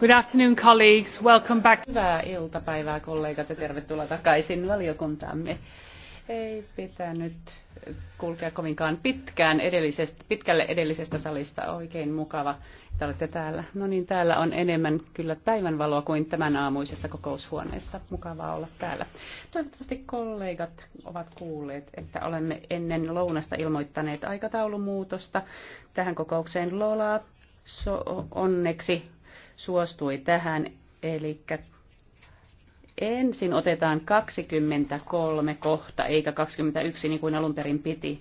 Good afternoon, colleagues. Welcome back. Hyvää iltapäivää, kollegat, ja tervetuloa takaisin valiokuntaamme. Ei pitänyt kulkea kovinkaan pitkään edellisestä, pitkälle edellisestä salista. Oikein mukava, että olette täällä. No niin, täällä on enemmän kyllä päivänvaloa kuin tämän aamuisessa kokoushuoneessa. Mukavaa olla täällä. Toivottavasti kollegat ovat kuulleet, että olemme ennen lounasta ilmoittaneet aikataulumuutosta tähän kokoukseen Lola. So, onneksi suostui tähän, eli ensin otetaan 23 kohta, eikä 21 niin kuin alun perin piti,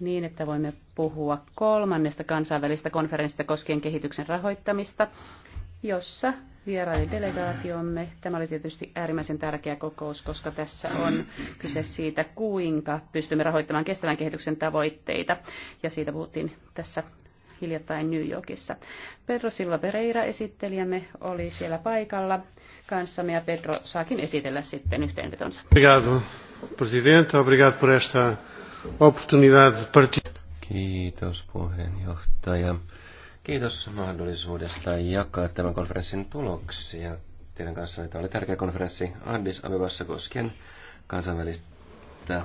niin että voimme puhua kolmannesta kansainvälistä konferenssista koskien kehityksen rahoittamista, jossa vieraili delegaatiomme. Tämä oli tietysti äärimmäisen tärkeä kokous, koska tässä on kyse siitä, kuinka pystymme rahoittamaan kestävän kehityksen tavoitteita. Ja siitä puhuttiin tässä hiljattain New Yorkissa. Pedro Silva Pereira esittelijämme oli siellä paikalla kanssamme ja Pedro saakin esitellä sitten yhteenvetonsa. Obrigado, presidente. Obrigado por esta oportunidade Kiitos puheenjohtaja. Kiitos mahdollisuudesta jakaa tämän konferenssin tuloksia teidän kanssa Tämä oli tärkeä konferenssi Addis Abebassa koskien kansainvälistä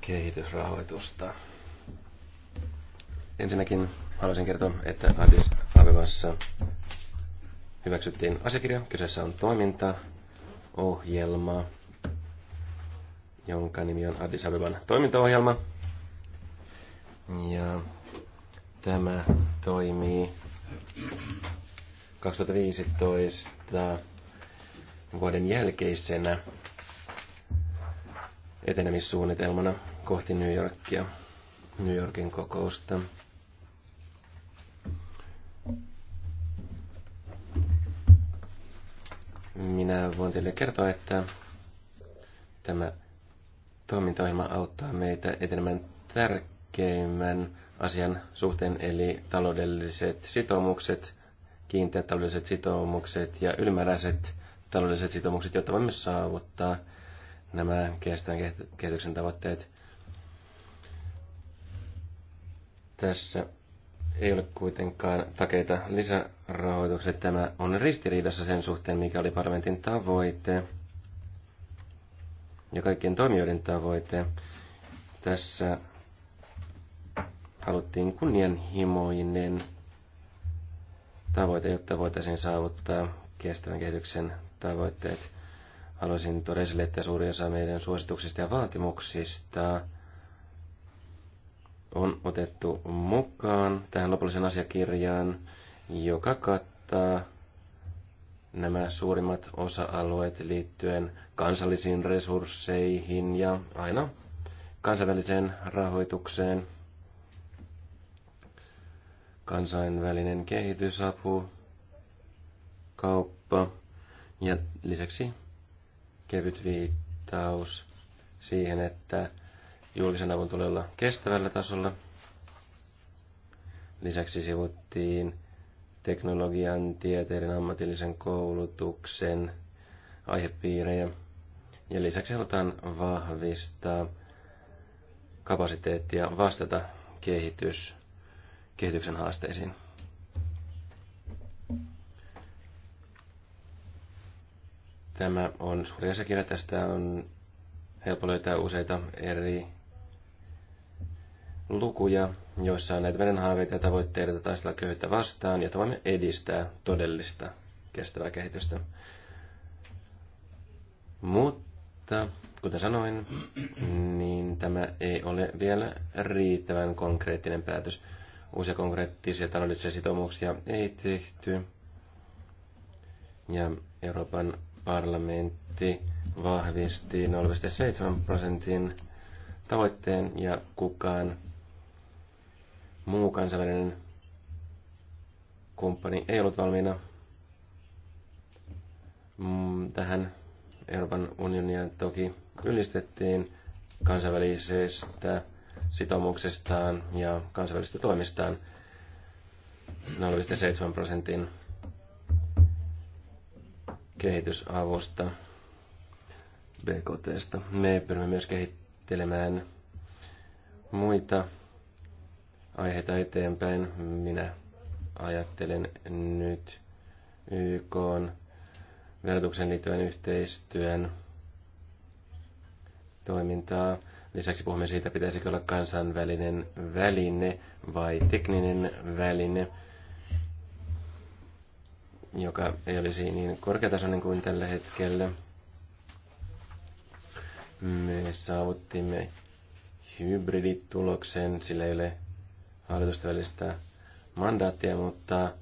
kehitysrahoitusta. Ensinnäkin haluaisin kertoa, että Addis Abebassa hyväksyttiin asiakirja. Kyseessä on toimintaohjelma, jonka nimi on Addis Abeban toimintaohjelma. Ja tämä toimii 2015 vuoden jälkeisenä etenemissuunnitelmana kohti New Yorkia, New Yorkin kokousta. Minä voin teille kertoa, että tämä toimintaohjelma auttaa meitä etenemään tärkeimmän asian suhteen, eli taloudelliset sitoumukset, kiinteät taloudelliset sitoumukset ja ylimääräiset taloudelliset sitoumukset, jotta voimme saavuttaa nämä kestävän kehityksen tavoitteet. Tässä ei ole kuitenkaan takeita lisärahoitukselle. Tämä on ristiriidassa sen suhteen, mikä oli parlamentin tavoite ja kaikkien toimijoiden tavoite. Tässä haluttiin kunnianhimoinen tavoite, jotta voitaisiin saavuttaa kestävän kehityksen tavoitteet. Haluaisin tuoda esille, että suuri osa meidän suosituksista ja vaatimuksista on otettu mukaan tähän lopulliseen asiakirjaan, joka kattaa nämä suurimmat osa-alueet liittyen kansallisiin resursseihin ja aina kansainväliseen rahoitukseen, kansainvälinen kehitysapu, kauppa ja lisäksi kevyt viittaus siihen, että Julkisen avun tulee olla kestävällä tasolla. Lisäksi sivuttiin teknologian, tieteiden, ammatillisen koulutuksen aihepiirejä. Ja lisäksi halutaan vahvistaa kapasiteettia vastata kehitys, kehityksen haasteisiin. Tämä on suuri asiakirja. Tästä on helppo löytää useita eri lukuja, joissa on näitä meidän haaveita ja tavoitteita taistella köyhyyttä vastaan, ja voimme edistää todellista kestävää kehitystä. Mutta, kuten sanoin, niin tämä ei ole vielä riittävän konkreettinen päätös. Uusia konkreettisia taloudellisia sitoumuksia ei tehty. Ja Euroopan parlamentti vahvisti 0,7 prosentin tavoitteen ja kukaan muu kansainvälinen kumppani ei ollut valmiina mm, tähän Euroopan unionia toki ylistettiin kansainvälisestä sitoumuksestaan ja kansainvälisestä toimistaan 0,7 prosentin kehitysavusta BKTstä. Me pyrimme myös kehittelemään muita aiheita eteenpäin. Minä ajattelen nyt YK verotuksen liittyvän yhteistyön toimintaa. Lisäksi puhumme siitä, pitäisikö olla kansainvälinen väline vai tekninen väline, joka ei olisi niin korkeatasoinen kuin tällä hetkellä. Me saavuttimme hybridituloksen, sillä ei ole hallitusten välistä mandaattia, mutta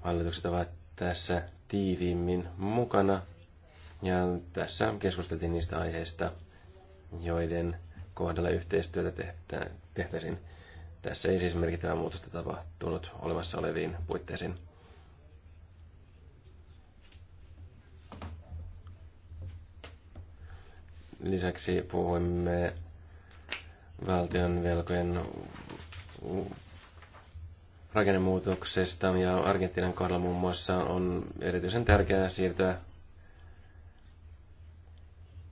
hallitukset ovat tässä tiiviimmin mukana. Ja tässä keskusteltiin niistä aiheista, joiden kohdalla yhteistyötä tehtäisiin. Tässä ei siis merkittävää muutosta tapahtunut olemassa oleviin puitteisiin. Lisäksi puhuimme valtion velkojen rakennemuutoksesta ja Argentiinan kohdalla muun muassa on erityisen tärkeää siirtyä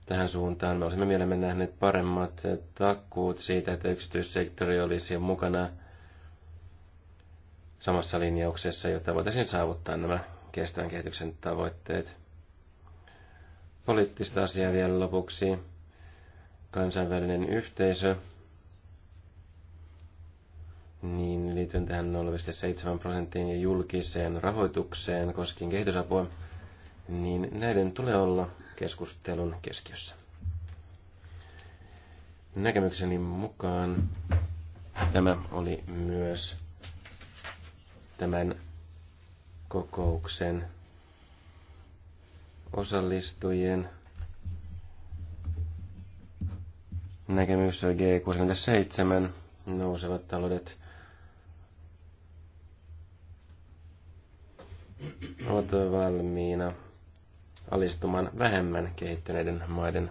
tähän suuntaan. Me olisimme mielemme nähneet paremmat takkuut siitä, että yksityissektori olisi mukana samassa linjauksessa, jotta voitaisiin saavuttaa nämä kestävän kehityksen tavoitteet. Poliittista asiaa vielä lopuksi. Kansainvälinen yhteisö niin liittyen tähän 0,7 prosenttiin ja julkiseen rahoitukseen koskien kehitysapua, niin näiden tulee olla keskustelun keskiössä. Näkemykseni mukaan tämä oli myös tämän kokouksen osallistujien näkemys G67 nousevat taloudet ovat valmiina alistumaan vähemmän kehittyneiden maiden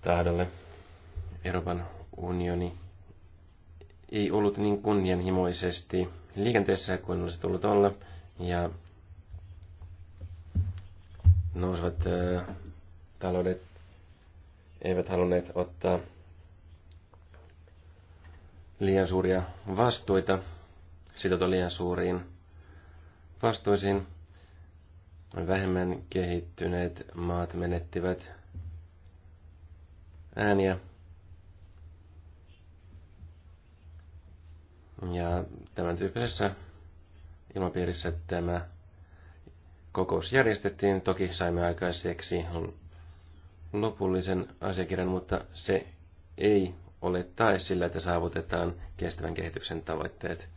tahdolle. Euroopan unioni ei ollut niin kunnianhimoisesti liikenteessä kuin olisi tullut olla, ja nousevat äh, taloudet eivät halunneet ottaa liian suuria vastuita sitoutua liian suuriin vastuisiin. Vähemmän kehittyneet maat menettivät ääniä. Ja tämän tyyppisessä ilmapiirissä tämä kokous järjestettiin. Toki saimme aikaiseksi lopullisen asiakirjan, mutta se ei ole tai sillä, että saavutetaan kestävän kehityksen tavoitteet.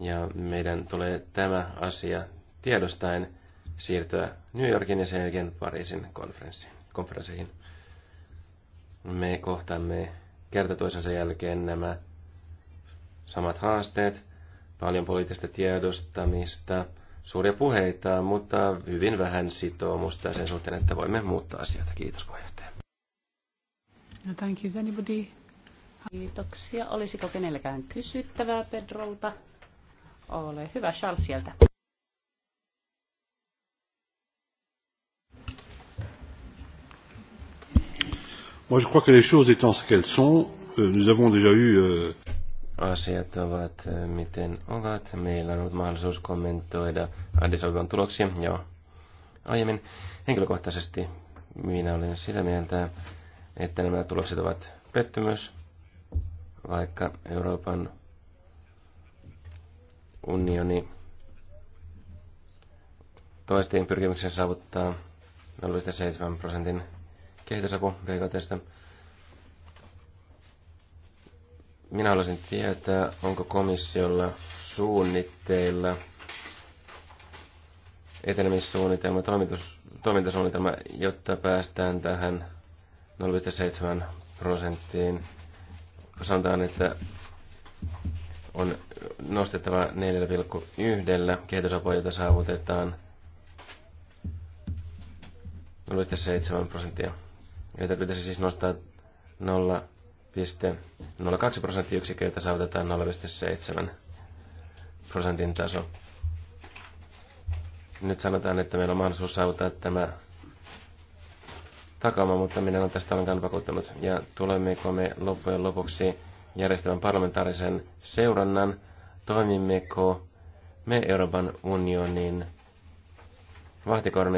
Ja meidän tulee tämä asia tiedostaen siirtyä New Yorkin ja sen jälkeen Pariisin konferenssiin. Me kohtaamme kerta toisensa jälkeen nämä samat haasteet, paljon poliittista tiedostamista, suuria puheita, mutta hyvin vähän sitoumusta sen suhteen, että voimme muuttaa asioita. Kiitos puheenjohtaja. No, thank you. Anybody? Kiitoksia. Olisiko kenelläkään kysyttävää Pedrolta? Ole hyvä, Charles sieltä. Moi, je crois que les choses étant ce qu'elles sont, euh, nous avons déjà eu... Euh, Asiat ovat äh, miten ovat. Meillä on ollut mahdollisuus kommentoida Addis Abeban tuloksia jo aiemmin. Henkilökohtaisesti minä olen sitä mieltä, että nämä tulokset ovat pettymys, vaikka Euroopan unioni toistiin pyrkimyksen saavuttaa 0,7 prosentin kehitysapu BKTstä. Minä haluaisin tietää, onko komissiolla suunnitteilla etenemissuunnitelma, toimitus, toimintasuunnitelma, jotta päästään tähän 0,7 prosenttiin. Sanotaan, että on nostettava 4,1 kehitysapua, saavutetaan 0,7 prosenttia. Joita pitäisi siis nostaa 0,02 prosenttiyksikköä, jota saavutetaan 0,7 prosentin taso. Nyt sanotaan, että meillä on mahdollisuus saavuttaa tämä takauma, mutta minä olen tästä ollenkaan vakuuttanut. Ja tulemmeko me loppujen lopuksi järjestämään parlamentaarisen seurannan Toimimmeko me Euroopan unionin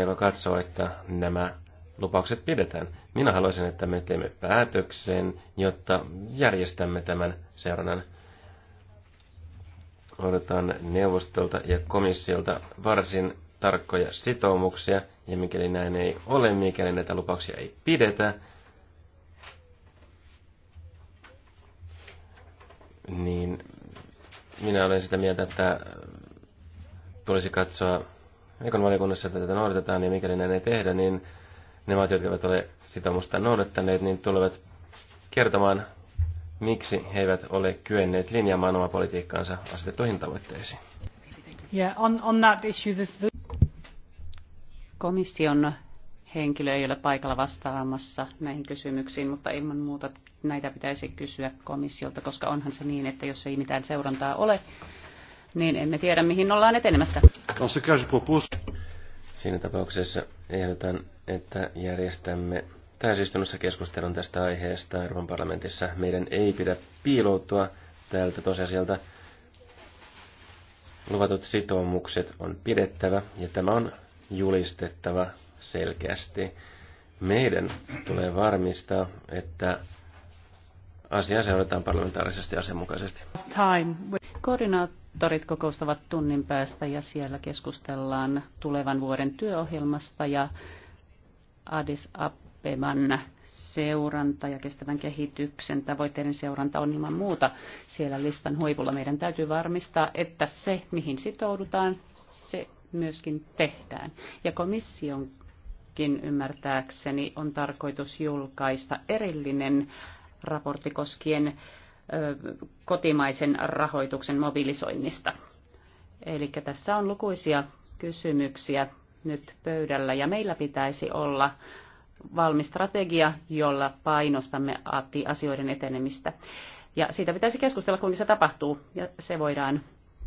joka katsoo, että nämä lupaukset pidetään. Minä haluaisin, että me teemme päätöksen, jotta järjestämme tämän seurannan. Odotan neuvostolta ja komissiolta varsin tarkkoja sitoumuksia, ja mikäli näin ei ole, mikäli näitä lupauksia ei pidetä, niin minä olen sitä mieltä, että tulisi katsoa Ekon valiokunnassa, että tätä noudatetaan, ja niin mikäli näin ei tehdä, niin ne maat, jotka eivät ole sitoumusta noudattaneet, niin tulevat kertomaan, miksi he eivät ole kyenneet linjaamaan omaa politiikkaansa asetettuihin tavoitteisiin. Yeah, on, on that issue, this... Komission henkilö ei ole paikalla vastaamassa näihin kysymyksiin, mutta ilman muuta näitä pitäisi kysyä komissiolta, koska onhan se niin, että jos ei mitään seurantaa ole, niin emme tiedä, mihin ollaan etenemässä. Siinä tapauksessa ehdotan, että järjestämme täysistunnossa keskustelun tästä aiheesta Euroopan parlamentissa. Meidän ei pidä piiloutua tältä tosiasialta. Luvatut sitoumukset on pidettävä ja tämä on julistettava selkeästi. Meidän tulee varmistaa, että asiaa seurataan parlamentaarisesti asianmukaisesti. Time. Koordinaattorit kokoustavat tunnin päästä ja siellä keskustellaan tulevan vuoden työohjelmasta ja Addis Abeban seuranta ja kestävän kehityksen tavoitteiden seuranta on ilman muuta siellä listan huipulla. Meidän täytyy varmistaa, että se, mihin sitoudutaan, se myöskin tehdään. Ja komission Nytkin ymmärtääkseni on tarkoitus julkaista erillinen raportti koskien kotimaisen rahoituksen mobilisoinnista. Eli tässä on lukuisia kysymyksiä nyt pöydällä ja meillä pitäisi olla valmis strategia, jolla painostamme asioiden etenemistä. Ja siitä pitäisi keskustella, kuinka se tapahtuu, ja se voidaan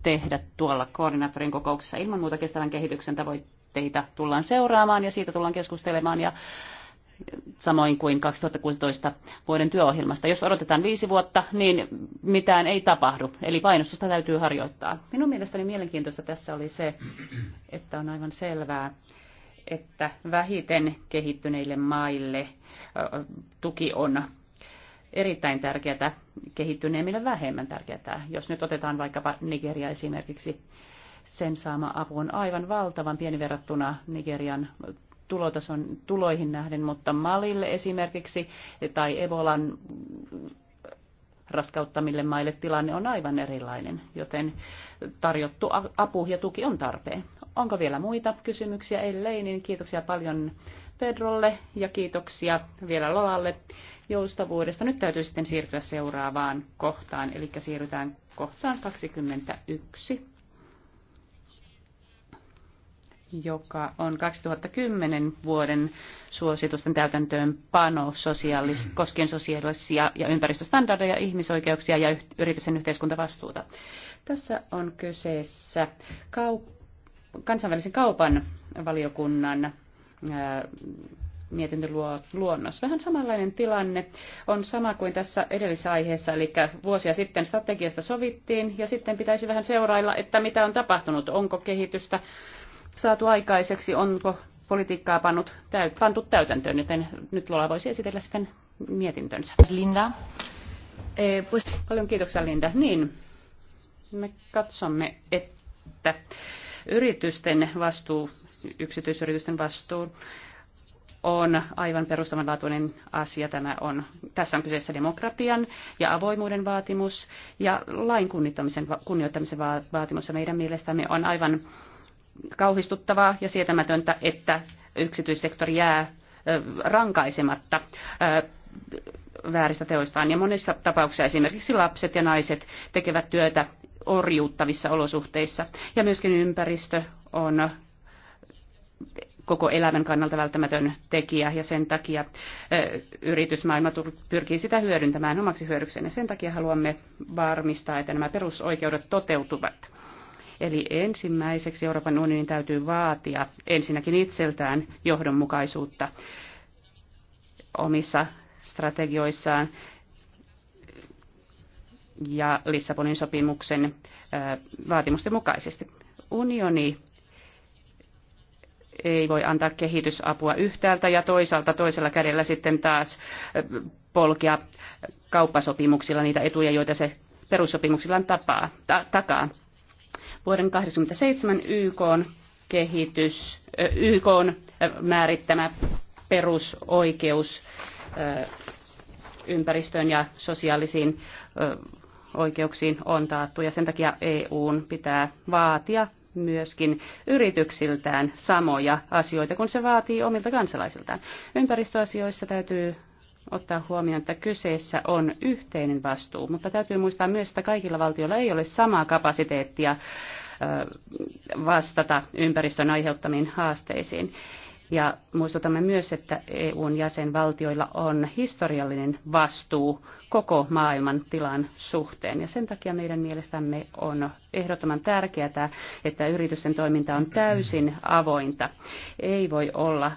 tehdä tuolla koordinaattorin kokouksessa. Ilman muuta kestävän kehityksen tavoitteita teitä tullaan seuraamaan ja siitä tullaan keskustelemaan ja samoin kuin 2016 vuoden työohjelmasta. Jos odotetaan viisi vuotta, niin mitään ei tapahdu, eli painostusta täytyy harjoittaa. Minun mielestäni mielenkiintoista tässä oli se, että on aivan selvää, että vähiten kehittyneille maille tuki on erittäin tärkeää, kehittyneemmille vähemmän tärkeää. Jos nyt otetaan vaikkapa Nigeria esimerkiksi, sen saama apu on aivan valtavan pieni verrattuna Nigerian tulotason tuloihin nähden, mutta Malille esimerkiksi tai Ebolan raskauttamille maille tilanne on aivan erilainen, joten tarjottu apu ja tuki on tarpeen. Onko vielä muita kysymyksiä? Ellei, niin kiitoksia paljon Pedrolle ja kiitoksia vielä Lolalle joustavuudesta. Nyt täytyy sitten siirtyä seuraavaan kohtaan, eli siirrytään kohtaan 21 joka on 2010 vuoden suositusten täytäntöönpano sosiaalis, koskien sosiaalisia ja ympäristöstandardeja, ihmisoikeuksia ja yritysten yhteiskuntavastuuta. Tässä on kyseessä kau- kansainvälisen kaupan valiokunnan ää, mietintöluonnos. Vähän samanlainen tilanne on sama kuin tässä edellisessä aiheessa, eli vuosia sitten strategiasta sovittiin ja sitten pitäisi vähän seurailla, että mitä on tapahtunut, onko kehitystä saatu aikaiseksi, onko politiikkaa pannut, täyt, pantu täytäntöön, joten nyt Lola voisi esitellä sitten mietintönsä. Linda. Eh, Paljon kiitoksia Linda. Niin, me katsomme, että yritysten vastuu, yksityisyritysten vastuu on aivan perustavanlaatuinen asia. Tämä on, tässä on kyseessä demokratian ja avoimuuden vaatimus ja lain kunnioittamisen, vaatimus. meidän mielestämme on aivan kauhistuttavaa ja sietämätöntä, että yksityissektori jää rankaisematta vääristä teoistaan. Ja monissa tapauksissa esimerkiksi lapset ja naiset tekevät työtä orjuuttavissa olosuhteissa. Ja myöskin ympäristö on koko elämän kannalta välttämätön tekijä ja sen takia yritysmaailma pyrkii sitä hyödyntämään omaksi hyödykseen ja sen takia haluamme varmistaa, että nämä perusoikeudet toteutuvat. Eli ensimmäiseksi Euroopan unionin täytyy vaatia ensinnäkin itseltään johdonmukaisuutta omissa strategioissaan ja Lissabonin sopimuksen vaatimusten mukaisesti. Unioni ei voi antaa kehitysapua yhtäältä ja toisaalta toisella kädellä sitten taas polkea kauppasopimuksilla niitä etuja, joita se perussopimuksillaan tapaa, ta- takaa. Vuoden 1987 YK kehitys, YK on määrittämä perusoikeus ympäristöön ja sosiaalisiin oikeuksiin on taattu ja sen takia EUn pitää vaatia myöskin yrityksiltään samoja asioita, kun se vaatii omilta kansalaisiltaan. Ympäristöasioissa täytyy ottaa huomioon, että kyseessä on yhteinen vastuu, mutta täytyy muistaa myös, että kaikilla valtioilla ei ole samaa kapasiteettia vastata ympäristön aiheuttamiin haasteisiin. Ja muistutamme myös, että EUn jäsenvaltioilla on historiallinen vastuu koko maailman tilan suhteen. Ja sen takia meidän mielestämme on ehdottoman tärkeää, että yritysten toiminta on täysin avointa. Ei voi olla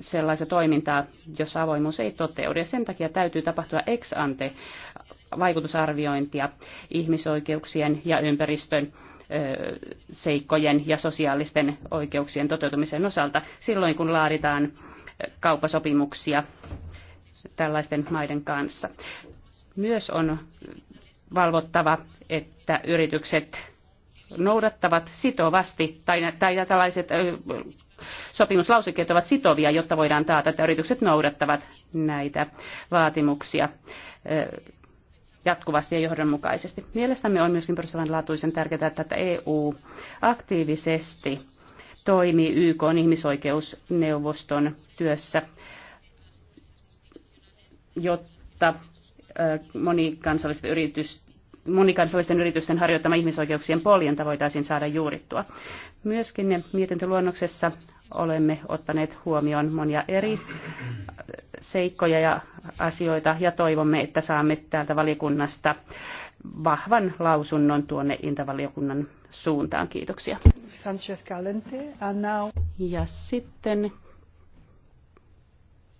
sellaista toimintaa, jossa avoimuus ei toteudu. Ja sen takia täytyy tapahtua ex ante vaikutusarviointia ihmisoikeuksien ja ympäristön seikkojen ja sosiaalisten oikeuksien toteutumisen osalta silloin, kun laaditaan kauppasopimuksia tällaisten maiden kanssa. Myös on valvottava, että yritykset noudattavat sitovasti tai, tai tällaiset sopimuslausekkeet ovat sitovia, jotta voidaan taata, että yritykset noudattavat näitä vaatimuksia jatkuvasti ja johdonmukaisesti. Mielestämme on myöskin perustavanlaatuisen tärkeää, että EU aktiivisesti toimii YK ihmisoikeusneuvoston työssä, jotta monikansalliset yritys, monikansallisten yritysten harjoittama ihmisoikeuksien poljenta voitaisiin saada juurittua. Myöskin mietintöluonnoksessa olemme ottaneet huomioon monia eri seikkoja ja asioita ja toivomme, että saamme täältä valiokunnasta vahvan lausunnon tuonne intavaliokunnan suuntaan. Kiitoksia. Sanchez Calente, now... Ja sitten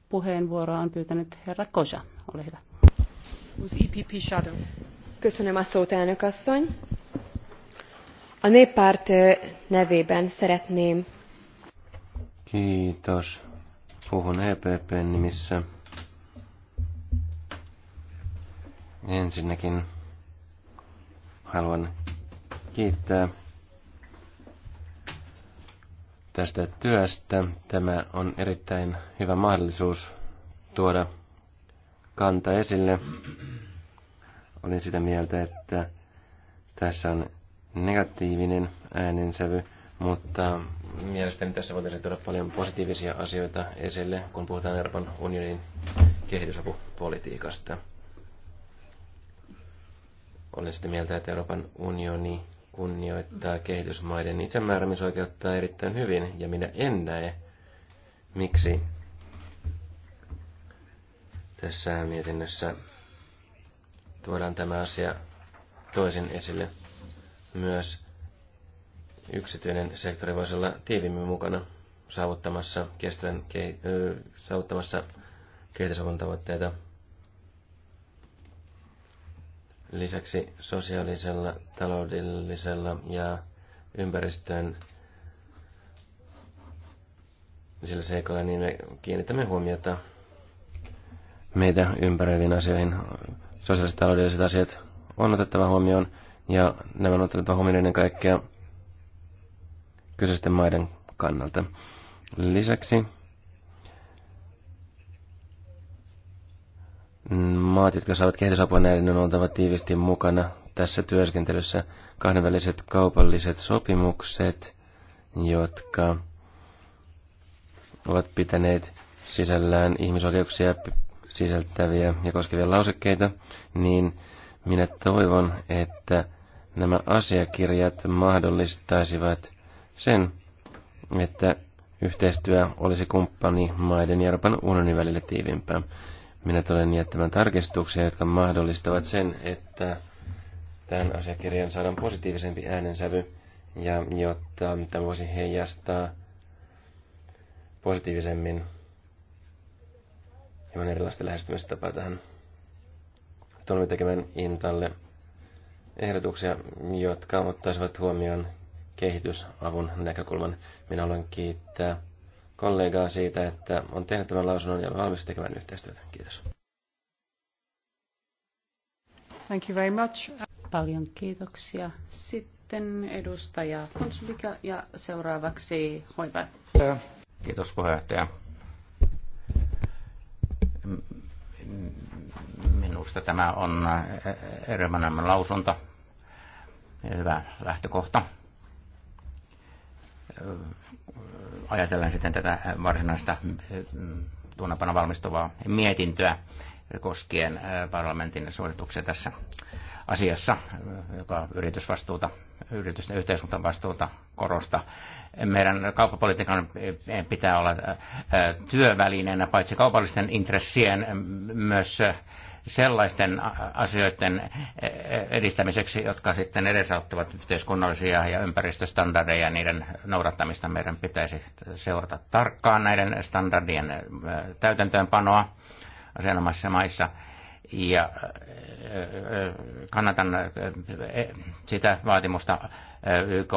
puheenvuoroa on pyytänyt herra Kosa. Ole hyvä. E Köszönöm a szót, elnök asszony. A néppárt nevében szeretném. Kiitos. Puhun EPPn nimissä. Ensinnäkin haluan kiittää tästä työstä. Tämä on erittäin hyvä mahdollisuus tuoda kanta esille. Olin sitä mieltä, että tässä on negatiivinen äänensävy, mutta mielestäni tässä voitaisiin tuoda paljon positiivisia asioita esille, kun puhutaan Euroopan unionin kehitysapupolitiikasta. Olen sitä mieltä, että Euroopan unioni kunnioittaa kehitysmaiden itsemääräämisoikeutta erittäin hyvin, ja minä en näe, miksi tässä mietinnössä tuodaan tämä asia toisen esille myös yksityinen sektori voisi olla tiiviimmin mukana saavuttamassa, kestävän, saavuttamassa kehitysavun tavoitteita. Lisäksi sosiaalisella, taloudellisella ja ympäristön sillä seikolla niin me kiinnitämme huomiota meitä ympäröiviin asioihin. Sosiaaliset taloudelliset asiat on otettava huomioon ja nämä on otettava huomioon ennen kaikkea kyseisten maiden kannalta. Lisäksi maat, jotka saavat kehitysapua näiden, on oltava tiivisti mukana tässä työskentelyssä kahdenväliset kaupalliset sopimukset, jotka ovat pitäneet sisällään ihmisoikeuksia sisältäviä ja koskevia lausekkeita, niin minä toivon, että nämä asiakirjat mahdollistaisivat sen, että yhteistyö olisi kumppani maiden ja Euroopan unionin välillä tiivimpää. Minä tulen jättämään tarkistuksia, jotka mahdollistavat sen, että tämän asiakirjan saadaan positiivisempi äänensävy, ja jotta tämä voisi heijastaa positiivisemmin hieman erilaista lähestymistapaa tähän tulemme tekemään Intalle ehdotuksia, jotka ottaisivat huomioon kehitysavun näkökulman. Minä haluan kiittää kollegaa siitä, että on tehnyt tämän lausunnon ja valmis tekemään yhteistyötä. Kiitos. Thank you very much. Paljon kiitoksia. Sitten edustaja Konsulika ja seuraavaksi Hoiva. Kiitos puheenjohtaja Minusta tämä on erinomainen lausunto ja hyvä lähtökohta. Ajatellen sitten tätä varsinaista tuonnapana valmistuvaa mietintöä koskien parlamentin suosituksia tässä asiassa, joka yritysvastuuta, yritysten yhteiskuntavastuuta korosta. Meidän kauppapolitiikan pitää olla työvälineenä paitsi kaupallisten intressien myös sellaisten asioiden edistämiseksi, jotka sitten edesauttavat yhteiskunnallisia ja ympäristöstandardeja ja niiden noudattamista. Meidän pitäisi seurata tarkkaan näiden standardien täytäntöönpanoa asianomaisissa maissa ja äh, äh, kannatan äh, e, sitä vaatimusta YK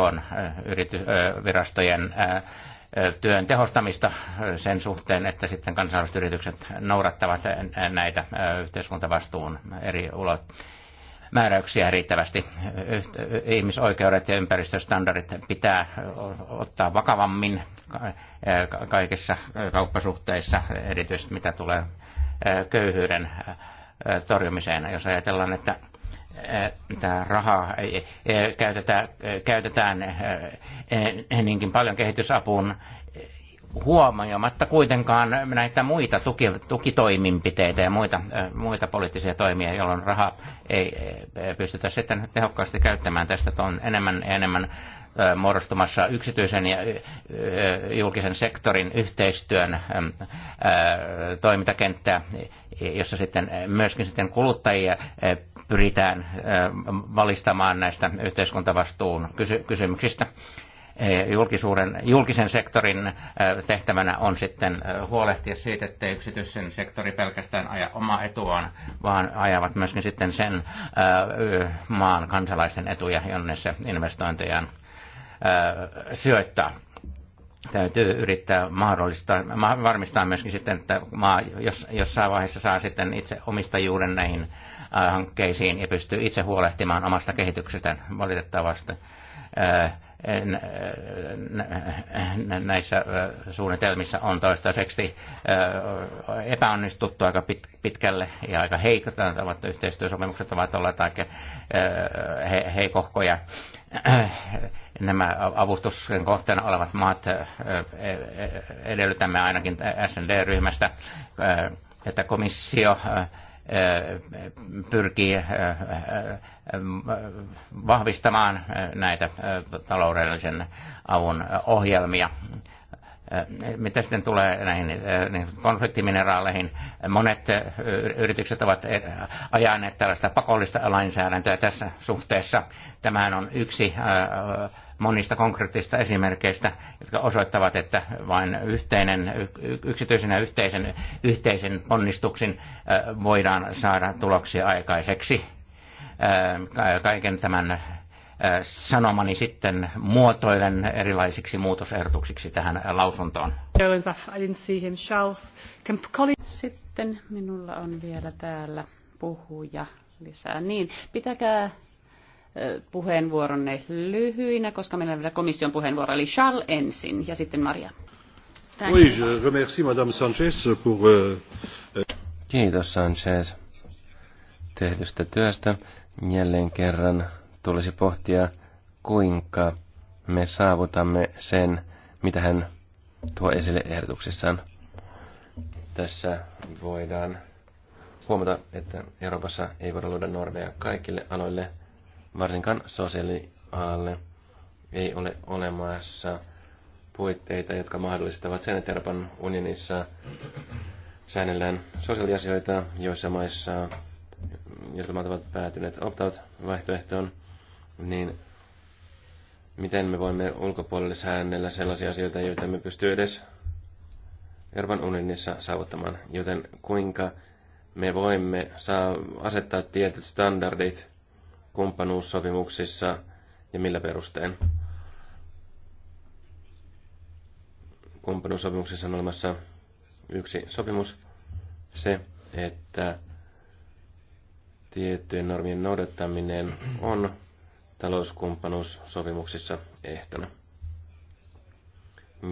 virastojen työn tehostamista sen suhteen, että sitten kansainväliset yritykset noudattavat näitä yhteiskuntavastuun eri ulot määräyksiä riittävästi. Ihmisoikeudet ja ympäristöstandardit pitää ottaa vakavammin kaikissa kauppasuhteissa, erityisesti mitä tulee köyhyyden torjumiseen. Jos ajatellaan, että tämä rahaa käytetään, käytetään niinkin paljon kehitysapuun huomioimatta kuitenkaan näitä muita tuki, tukitoimenpiteitä ja muita, muita poliittisia toimia, jolloin rahaa ei pystytä sitten tehokkaasti käyttämään. Tästä on enemmän enemmän muodostumassa yksityisen ja julkisen sektorin yhteistyön toimintakenttää, jossa sitten myöskin sitten kuluttajia pyritään valistamaan näistä yhteiskuntavastuun kysymyksistä julkisuuden, julkisen sektorin tehtävänä on sitten huolehtia siitä, että yksityisen sektori pelkästään aja omaa etuaan, vaan ajavat myöskin sitten sen maan kansalaisten etuja, jonne se investointejaan sijoittaa. Täytyy yrittää mahdollistaa, varmistaa myöskin sitten, että maa jos, jossain vaiheessa saa sitten itse omistajuuden näihin hankkeisiin ja pystyy itse huolehtimaan omasta kehityksestään valitettavasti näissä suunnitelmissa on toistaiseksi epäonnistuttu aika pitkälle ja aika heikot ovat yhteistyösopimukset ovat olleet aika heikohkoja Äh, nämä avustuksen kohteena olevat maat äh, äh, edellytämme ainakin SND-ryhmästä, että komissio pyrkii vahvistamaan näitä taloudellisen avun ohjelmia mitä sitten tulee näihin niin konfliktimineraaleihin? Monet yritykset ovat ajaneet tällaista pakollista lainsäädäntöä tässä suhteessa. Tämähän on yksi monista konkreettista esimerkkeistä, jotka osoittavat, että vain yhteinen, yksityisen ja yhteisen, yhteisen ponnistuksin voidaan saada tuloksia aikaiseksi. Kaiken tämän sanomani sitten muotoilen erilaisiksi muutosehdotuksiksi tähän lausuntoon. Sitten minulla on vielä täällä puhuja lisää. Niin, pitäkää puheenvuoronne lyhyinä, koska meillä on vielä komission puheenvuoro, eli Charles ensin ja sitten Maria. oui, je remercie Madame Sanchez pour... Euh, euh, Kiitos Sanchez tehdystä työstä. Jälleen kerran tulisi pohtia, kuinka me saavutamme sen, mitä hän tuo esille ehdotuksissaan. Tässä voidaan huomata, että Euroopassa ei voida luoda normeja kaikille aloille, varsinkaan sosiaalialalle. Ei ole olemassa puitteita, jotka mahdollistavat sen, että Euroopan unionissa säännellään sosiaaliasioita, joissa maissa, joissa maat ovat päätyneet opt-out-vaihtoehtoon, niin miten me voimme ulkopuolelle säännellä sellaisia asioita, joita me pystyy edes Euroopan unionissa saavuttamaan. Joten kuinka me voimme saa asettaa tietyt standardit kumppanuussopimuksissa ja millä perusteen? Kumppanuussopimuksissa on olemassa yksi sopimus, se, että tiettyjen normien noudattaminen on talouskumppanuussopimuksissa ehtona.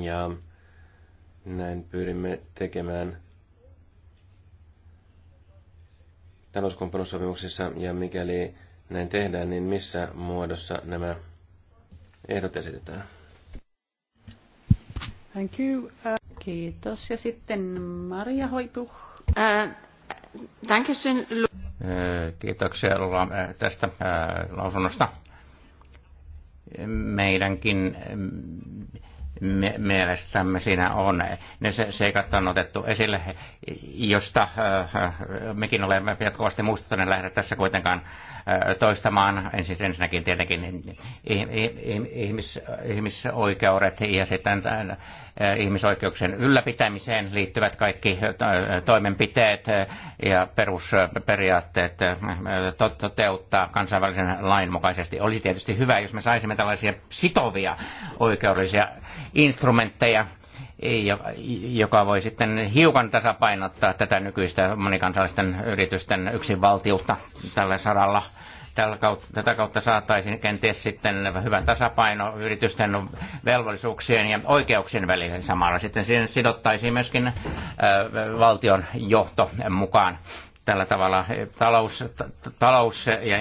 Ja näin pyrimme tekemään talouskumppanuussopimuksissa, ja mikäli näin tehdään, niin missä muodossa nämä ehdot esitetään? Thank you. Uh, kiitos. Ja sitten Maria Hoipuh. Uh, Uh, Kiitoksia Ulla äh, tästä äh, lausunnosta meidänkin me, mielestämme siinä on. Ne se, seikat on otettu esille, josta äh, äh mekin olemme jatkuvasti muistuttaneet lähde tässä kuitenkaan äh, toistamaan. Ensin, siis ensinnäkin tietenkin ihmis, ihmisoikeudet ja sitten äh, ihmisoikeuksien ylläpitämiseen liittyvät kaikki äh, toimenpiteet äh, ja perusperiaatteet toteuttaa kansainvälisen lain mukaisesti. Olisi tietysti hyvä, jos me saisimme tällaisia sitovia oikeudellisia instrumentteja, joka voi sitten hiukan tasapainottaa tätä nykyistä monikansallisten yritysten yksinvaltiutta tällä saralla. tätä kautta saataisiin kenties sitten hyvän tasapaino yritysten velvollisuuksien ja oikeuksien välillä samalla. Sitten siihen sidottaisiin myöskin valtion johto mukaan tällä tavalla eh, talous, talous ja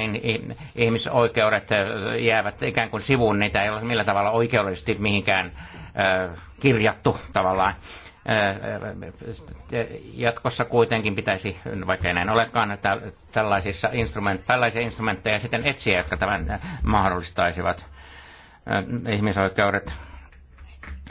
ihmisoikeudet eh, jäävät ikään kuin sivuun, niitä ei ole millä tavalla oikeudellisesti mihinkään eh, kirjattu tavallaan. Jatkossa kuitenkin pitäisi, vaikka ei näin olekaan, tällaisissa instrument, tällaisia instrumentteja sitten etsiä, jotka tämän mahdollistaisivat ihmisoikeudet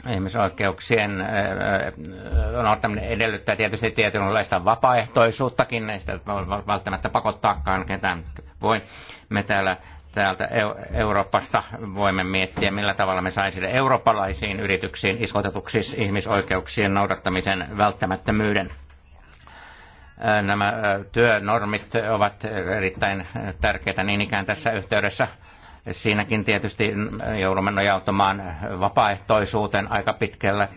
ihmisoikeuksien äh, äh, äh, noudattaminen edellyttää tietysti tietynlaista vapaaehtoisuuttakin, ei sitä välttämättä pakottaakaan ketään voi. Me täällä täältä Euroopasta voimme miettiä, millä tavalla me saisimme eurooppalaisiin yrityksiin iskotetuksi ihmisoikeuksien noudattamisen välttämättömyyden. Nämä työnormit ovat erittäin tärkeitä niin ikään tässä yhteydessä – Siinäkin tietysti joudumme nojautumaan vapaaehtoisuuteen aika pitkälle.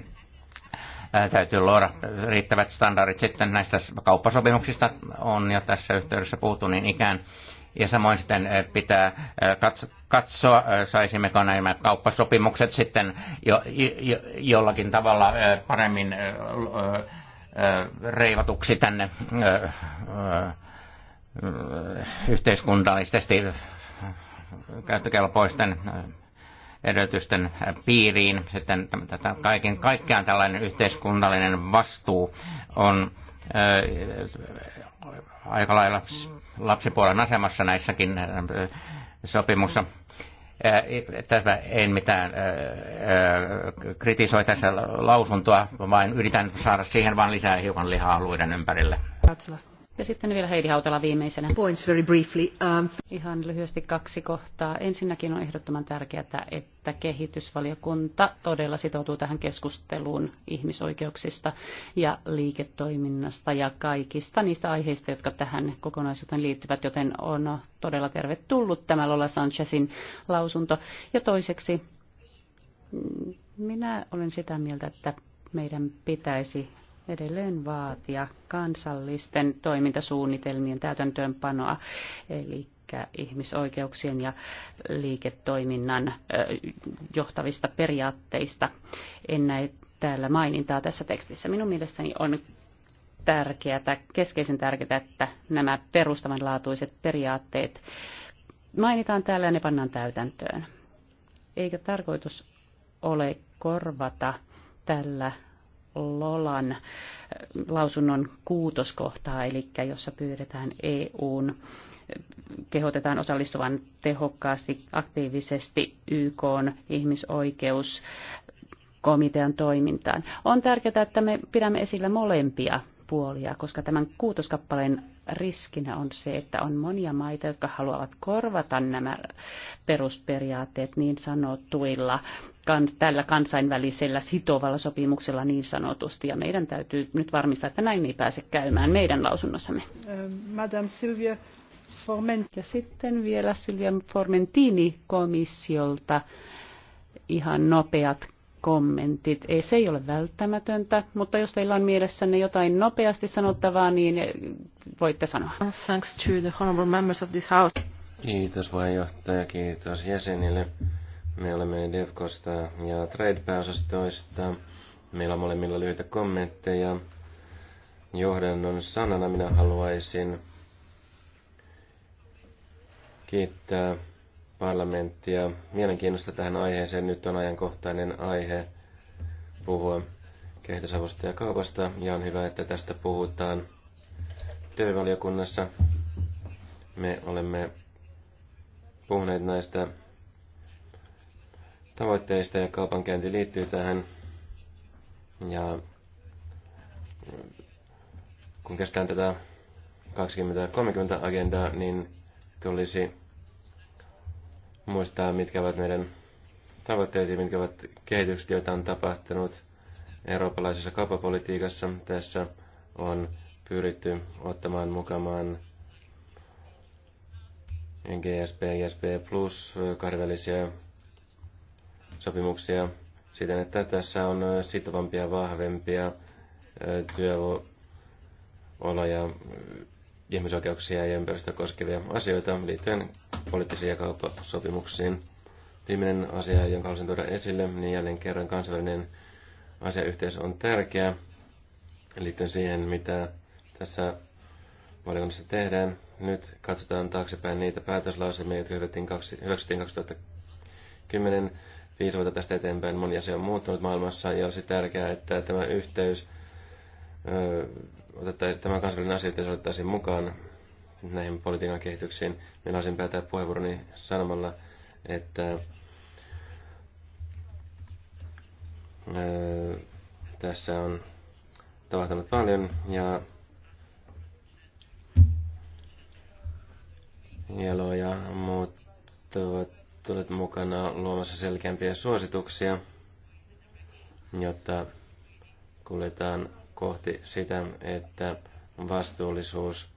Täytyy luoda riittävät standardit sitten näistä kauppasopimuksista, on jo tässä yhteydessä puhuttu niin ikään. Ja samoin sitten pitää katsoa, saisimmeko nämä kauppasopimukset sitten jo, jo, jollakin tavalla paremmin reivatuksi tänne yhteiskunnallisesti käyttökelpoisten äh, edellytysten äh, piiriin. Sitten tätä kaiken kaikkiaan tällainen yhteiskunnallinen vastuu on äh, aika lailla lapsipuolen asemassa näissäkin sopimussa. Tässä en mitään kritisoi tässä lausuntoa, vaan yritän saada siihen vain lisää hiukan lihaa alueiden ympärille. Ja sitten vielä Heidi Hautala viimeisenä. Points very briefly. Um... Ihan lyhyesti kaksi kohtaa. Ensinnäkin on ehdottoman tärkeää, että kehitysvaliokunta todella sitoutuu tähän keskusteluun ihmisoikeuksista ja liiketoiminnasta ja kaikista niistä aiheista, jotka tähän kokonaisuuteen liittyvät, joten on todella tervetullut tämä Lola Sanchezin lausunto. Ja toiseksi mm, minä olen sitä mieltä, että meidän pitäisi edelleen vaatia kansallisten toimintasuunnitelmien täytäntöönpanoa, eli ihmisoikeuksien ja liiketoiminnan johtavista periaatteista. En näe täällä mainintaa tässä tekstissä. Minun mielestäni on tärkeää, keskeisen tärkeää, että nämä perustavanlaatuiset periaatteet mainitaan täällä ja ne pannaan täytäntöön. Eikä tarkoitus ole korvata tällä Lolan äh, lausunnon kuutoskohtaa, eli jossa pyydetään EUn äh, kehotetaan osallistuvan tehokkaasti, aktiivisesti YK ihmisoikeus komitean toimintaan. On tärkeää, että me pidämme esillä molempia puolia, koska tämän kuutoskappaleen riskinä on se, että on monia maita, jotka haluavat korvata nämä perusperiaatteet niin sanottuilla tällä kansainvälisellä sitovalla sopimuksella niin sanotusti. Ja meidän täytyy nyt varmistaa, että näin ei pääse käymään meidän lausunnossamme. Ähm, Madame Sylvia Forment. Ja sitten vielä Sylvia Formentini komissiolta ihan nopeat kommentit. Ei, se ei ole välttämätöntä, mutta jos teillä on mielessänne jotain nopeasti sanottavaa, niin voitte sanoa. Thanks to the honorable members of this house. Kiitos puheenjohtaja, kiitos jäsenille. Me olemme devkosta ja Trade-pääosastoista. Meillä on molemmilla lyhyitä kommentteja. Johdannon sanana minä haluaisin kiittää parlamenttia mielenkiinnosta tähän aiheeseen. Nyt on ajankohtainen aihe puhua kehitysavusta ja kaupasta, ja on hyvä, että tästä puhutaan työvaliokunnassa. Me olemme puhuneet näistä tavoitteista, ja kaupankäynti liittyy tähän. Ja kun kestään tätä 20-30 agendaa, niin tulisi muistaa, mitkä ovat meidän tavoitteet ja mitkä ovat kehitykset, joita on tapahtunut eurooppalaisessa kauppapolitiikassa. Tässä on pyritty ottamaan mukamaan GSP, GSP Plus, kahdenvälisiä sopimuksia siten, että tässä on sitovampia, vahvempia työoloja ihmisoikeuksia ja ympäristöä koskevia asioita liittyen poliittisiin ja kauppasopimuksiin. Viimeinen asia, jonka haluaisin tuoda esille, niin jälleen kerran kansainvälinen asiayhteys on tärkeä liittyen siihen, mitä tässä valiokunnassa tehdään. Nyt katsotaan taaksepäin niitä päätöslausemia, jotka hyväksyttiin 2010 viisi vuotta tästä eteenpäin. Moni asia on muuttunut maailmassa ja olisi tärkeää, että tämä yhteys tämä kansallinen asia otettaisiin mukaan näihin politiikan kehityksiin. Minä niin olisin päätää puheenvuoroni sanomalla, että ää, äh, tässä on tapahtunut paljon ja jaloja, mutta muut ovat tulleet mukana luomassa selkeämpiä suosituksia, jotta kuljetaan kohti sitä, että vastuullisuus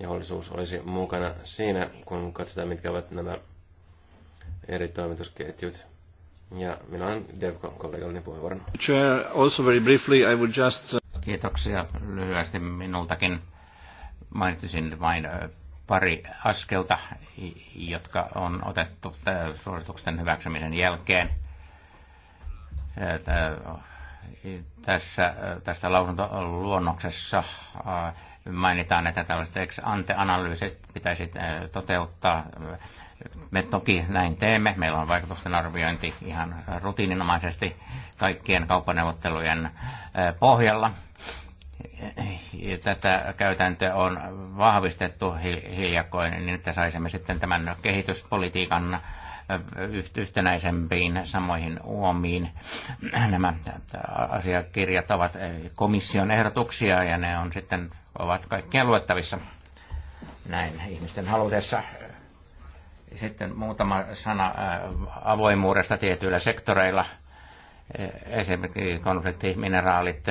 ja hollisuus olisi mukana siinä, kun katsotaan, mitkä ovat nämä eri toimitusketjut. Ja minä olen Devko kollegallinen puheenvuoron. Chair, also very briefly, I would just... Uh, Kiitoksia lyhyesti minultakin. Mainitsin vain uh, pari askelta, jotka on otettu uh, suorituksen hyväksymisen jälkeen tässä, äh, tästä lausuntoluonnoksessa äh, mainitaan, että tällaiset ex ante analyysit pitäisi äh, toteuttaa. Me toki näin teemme. Meillä on vaikutusten arviointi ihan rutiininomaisesti kaikkien kauppaneuvottelujen pohjalla. Tätä käytäntöä on vahvistettu hiljakoin niin että saisimme sitten tämän kehityspolitiikan yhtenäisempiin samoihin uomiin. Nämä asiakirjat ovat eh, komission ehdotuksia ja ne on sitten ovat kaikkien luettavissa näin ihmisten halutessa. Sitten muutama sana eh, avoimuudesta tietyillä sektoreilla. Eh, esimerkiksi mineraalit,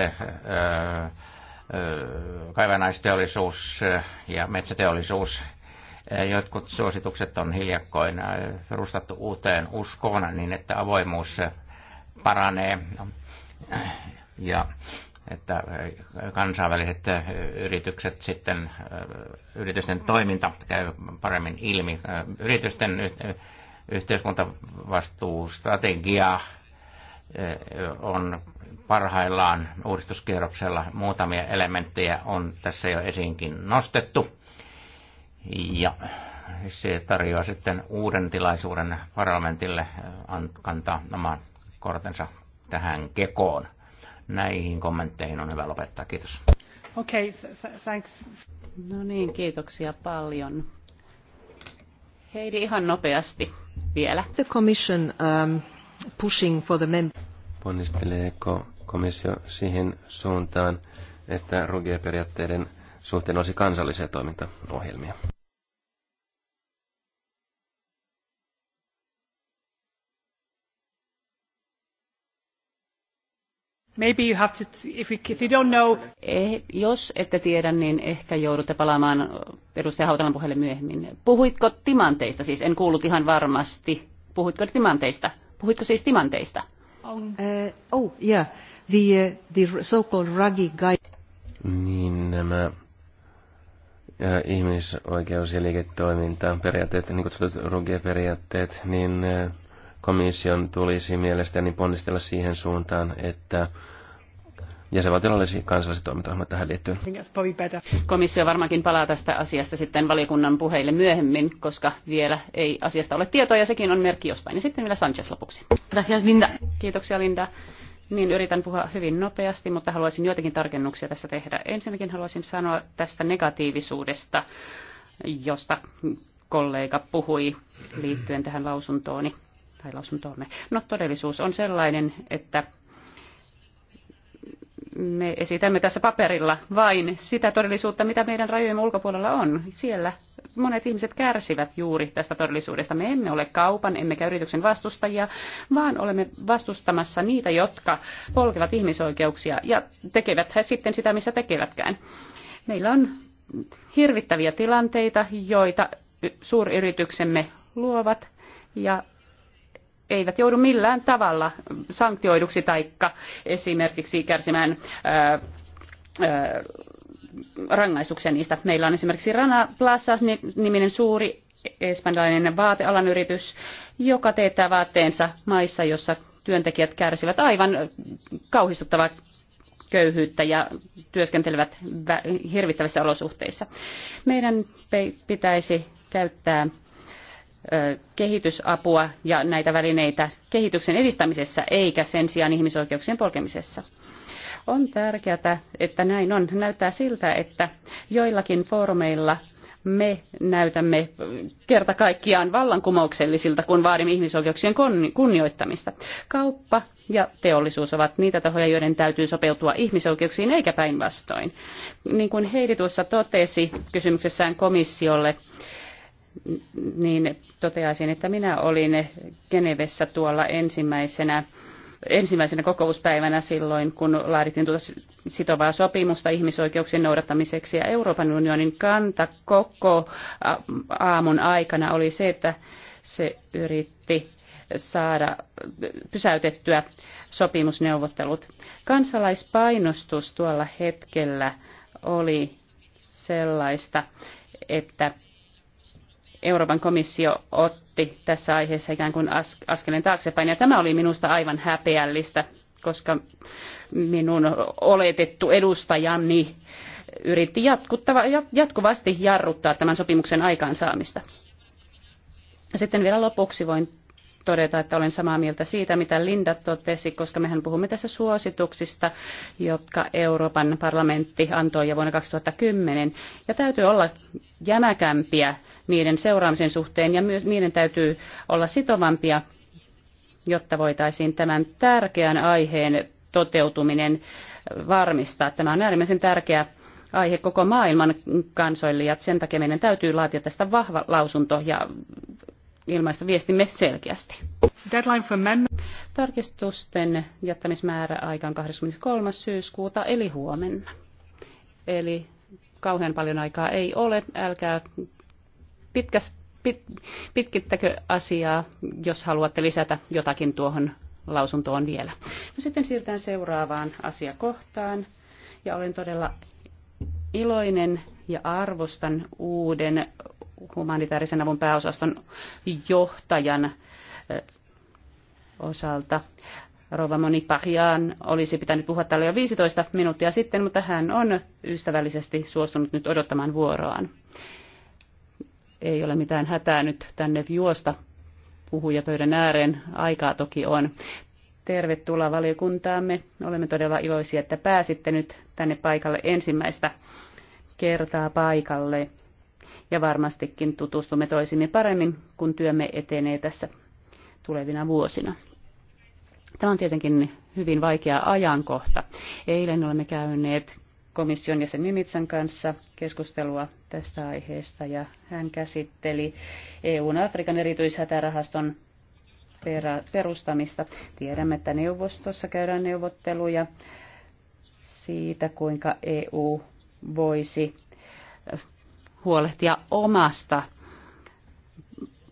kaivannaisteollisuus ja metsäteollisuus Jotkut suositukset on hiljakkoin perustettu uuteen uskoon niin, että avoimuus paranee ja että kansainväliset yritykset sitten, yritysten toiminta käy paremmin ilmi. Yritysten yhteiskuntavastuustrategia on parhaillaan uudistuskierroksella. Muutamia elementtejä on tässä jo esiinkin nostettu. Ja se tarjoaa sitten uuden tilaisuuden parlamentille äh, kantaa nämä kortensa tähän kekoon. Näihin kommentteihin on hyvä lopettaa. Kiitos. Okei, okay, thanks. No niin, kiitoksia paljon. Heidi, ihan nopeasti vielä. The commission um, pushing for the mem- Ponnisteleeko komissio siihen suuntaan, että rugia periaatteiden suhteen olisi kansallisia toimintaohjelmia? Maybe you have to, if, you, if you don't know. Eh, jos ette tiedä, niin ehkä joudutte palaamaan edustaja Hautalan puheelle myöhemmin. Puhuitko timanteista siis? En kuullut ihan varmasti. Puhuitko timanteista? Puhuitko siis timanteista? Uh, oh, yeah. The, uh, the so-called ruggy guy. Niin nämä ja eh, ihmisoikeus- ja liiketoimintaan periaatteet, niin kutsutut rugia-periaatteet, niin uh, Komission tulisi mielestäni ponnistella siihen suuntaan, että jäsenvaltiolla olisi kansalliset toimintaohjelmat tähän liittyen. Komissio varmaankin palaa tästä asiasta sitten valiokunnan puheille myöhemmin, koska vielä ei asiasta ole tietoa ja sekin on merkki jostain. Ja sitten vielä Sanchez lopuksi. Gracias, Linda. Kiitoksia Linda. Niin, yritän puhua hyvin nopeasti, mutta haluaisin joitakin tarkennuksia tässä tehdä. Ensinnäkin haluaisin sanoa tästä negatiivisuudesta, josta kollega puhui liittyen tähän lausuntooni tai lausuntoomme. No todellisuus on sellainen, että me esitämme tässä paperilla vain sitä todellisuutta, mitä meidän rajojen ulkopuolella on. Siellä monet ihmiset kärsivät juuri tästä todellisuudesta. Me emme ole kaupan, emmekä yrityksen vastustajia, vaan olemme vastustamassa niitä, jotka polkevat ihmisoikeuksia ja tekevät he sitten sitä, missä tekevätkään. Meillä on hirvittäviä tilanteita, joita suuryrityksemme luovat ja eivät joudu millään tavalla sanktioiduksi taikka esimerkiksi kärsimään ää, ää, rangaistuksia niistä. Meillä on esimerkiksi Rana Plaza niminen suuri espanjalainen vaatealan yritys, joka teettää vaatteensa maissa, jossa työntekijät kärsivät aivan kauhistuttavaa köyhyyttä ja työskentelevät hirvittävissä olosuhteissa. Meidän pitäisi käyttää kehitysapua ja näitä välineitä kehityksen edistämisessä eikä sen sijaan ihmisoikeuksien polkemisessa. On tärkeää, että näin on. Näyttää siltä, että joillakin foorumeilla me näytämme kerta kaikkiaan vallankumouksellisilta, kun vaadimme ihmisoikeuksien kunnioittamista. Kauppa ja teollisuus ovat niitä tahoja, joiden täytyy sopeutua ihmisoikeuksiin eikä päinvastoin. Niin kuin Heidi tuossa totesi kysymyksessään komissiolle, niin toteaisin, että minä olin Genevessä tuolla ensimmäisenä ensimmäisenä kokouspäivänä silloin, kun laadittiin tuota sitovaa sopimusta ihmisoikeuksien noudattamiseksi. Ja Euroopan unionin kanta koko aamun aikana oli se, että se yritti saada pysäytettyä sopimusneuvottelut. Kansalaispainostus tuolla hetkellä oli sellaista, että Euroopan komissio otti tässä aiheessa ikään kuin askeleen taaksepäin. Ja tämä oli minusta aivan häpeällistä, koska minun oletettu edustajani yritti jatkuvasti jarruttaa tämän sopimuksen aikaansaamista. Sitten vielä lopuksi voin todeta, että olen samaa mieltä siitä, mitä Linda totesi, koska mehän puhumme tässä suosituksista, jotka Euroopan parlamentti antoi jo vuonna 2010. Ja täytyy olla jämäkämpiä niiden seuraamisen suhteen ja myös niiden täytyy olla sitovampia, jotta voitaisiin tämän tärkeän aiheen toteutuminen varmistaa. Tämä on äärimmäisen tärkeä aihe koko maailman kansoille ja sen takia meidän täytyy laatia tästä vahva lausunto ja ilmaista viestimme selkeästi. Deadline for Tarkistusten jättämismäärä aikaan 23. syyskuuta eli huomenna. Eli kauhean paljon aikaa ei ole. Älkää pitkäs, pit, pitkittäkö asiaa, jos haluatte lisätä jotakin tuohon lausuntoon vielä. No sitten siirrytään seuraavaan asiakohtaan. Ja olen todella iloinen ja arvostan uuden humanitaarisen avun pääosaston johtajan osalta. Rova Moni Parian olisi pitänyt puhua täällä jo 15 minuuttia sitten, mutta hän on ystävällisesti suostunut nyt odottamaan vuoroaan. Ei ole mitään hätää nyt tänne juosta puhujapöydän ääreen. Aikaa toki on. Tervetuloa valiokuntaamme. Olemme todella iloisia, että pääsitte nyt tänne paikalle ensimmäistä kertaa paikalle. Ja varmastikin tutustumme toisimme paremmin, kun työmme etenee tässä tulevina vuosina. Tämä on tietenkin hyvin vaikea ajankohta. Eilen olemme käyneet komission jäsen Mimitsan kanssa keskustelua tästä aiheesta ja hän käsitteli EUn Afrikan erityishätärahaston perustamista. Tiedämme, että neuvostossa käydään neuvotteluja siitä, kuinka EU voisi huolehtia omasta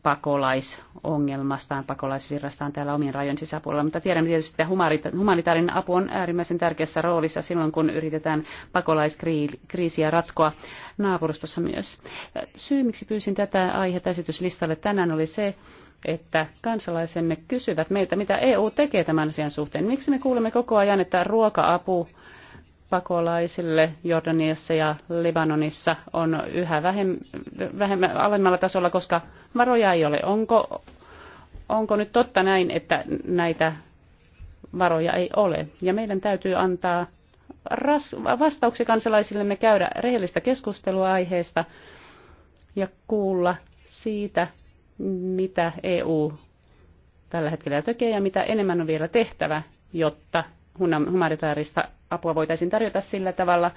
pakolaisongelmastaan, pakolaisvirrastaan täällä omien rajojen sisäpuolella. Mutta tiedämme tietysti, että humanitaarinen apu on äärimmäisen tärkeässä roolissa silloin, kun yritetään pakolaiskriisiä ratkoa naapurustossa myös. Syy, miksi pyysin tätä aihetta esityslistalle tänään, oli se, että kansalaisemme kysyvät meiltä, mitä EU tekee tämän asian suhteen. Miksi me kuulemme koko ajan, että ruoka-apu pakolaisille Jordaniassa ja Libanonissa on yhä vähemmän, vähemmän alemmalla tasolla, koska varoja ei ole. Onko, onko nyt totta näin, että näitä varoja ei ole? Ja meidän täytyy antaa ras, vastauksia kansalaisillemme käydä rehellistä keskustelua aiheesta ja kuulla siitä, mitä EU tällä hetkellä tekee ja mitä enemmän on vielä tehtävä, jotta humanitaarista apua voitaisiin tarjota sillä tavalla,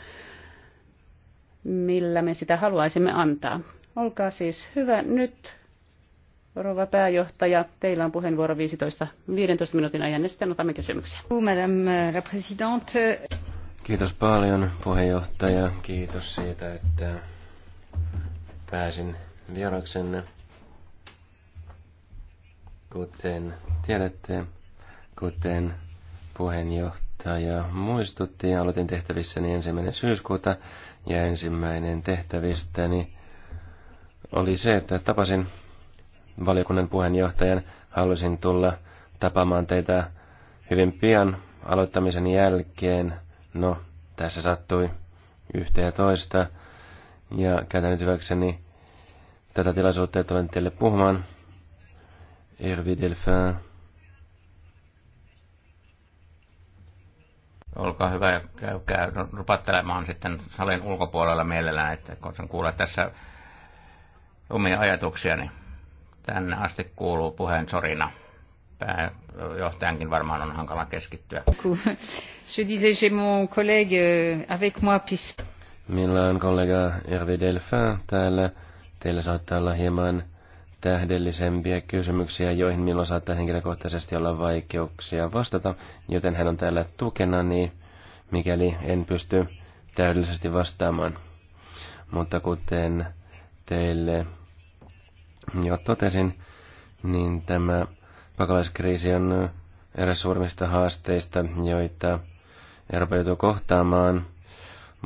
millä me sitä haluaisimme antaa. Olkaa siis hyvä nyt, rouva pääjohtaja. Teillä on puheenvuoro 15, 15 minuutin ajan ja sitten otamme kysymyksiä. Kiitos paljon puheenjohtaja. Kiitos siitä, että pääsin vieraksenne. Kuten tiedätte, kuten puheenjohtaja muistutti, aloitin tehtävissäni ensimmäinen syyskuuta ja ensimmäinen tehtävistäni oli se, että tapasin valiokunnan puheenjohtajan. Halusin tulla tapaamaan teitä hyvin pian aloittamisen jälkeen. No, tässä sattui yhtä ja toista. Ja käytän nyt hyväkseni tätä tilaisuutta, että olen teille puhumaan. Ervi Delfin olkaa hyvä ja käykää rupattelemaan sitten salin ulkopuolella mielellään, että kun kuulla tässä omia ajatuksiani. Niin tänne asti kuuluu puheen sorina. Pääjohtajankin varmaan on hankala keskittyä. Je disais, j'ai mon collègue euh, avec moi, Meillä on kollega Hervé Delfin täällä. Teillä saattaa olla hieman tähdellisempiä kysymyksiä, joihin minulla saattaa henkilökohtaisesti olla vaikeuksia vastata, joten hän on täällä tukena, niin mikäli en pysty täydellisesti vastaamaan. Mutta kuten teille jo totesin, niin tämä pakolaiskriisi on eräs suurimmista haasteista, joita Eurooppa joutuu kohtaamaan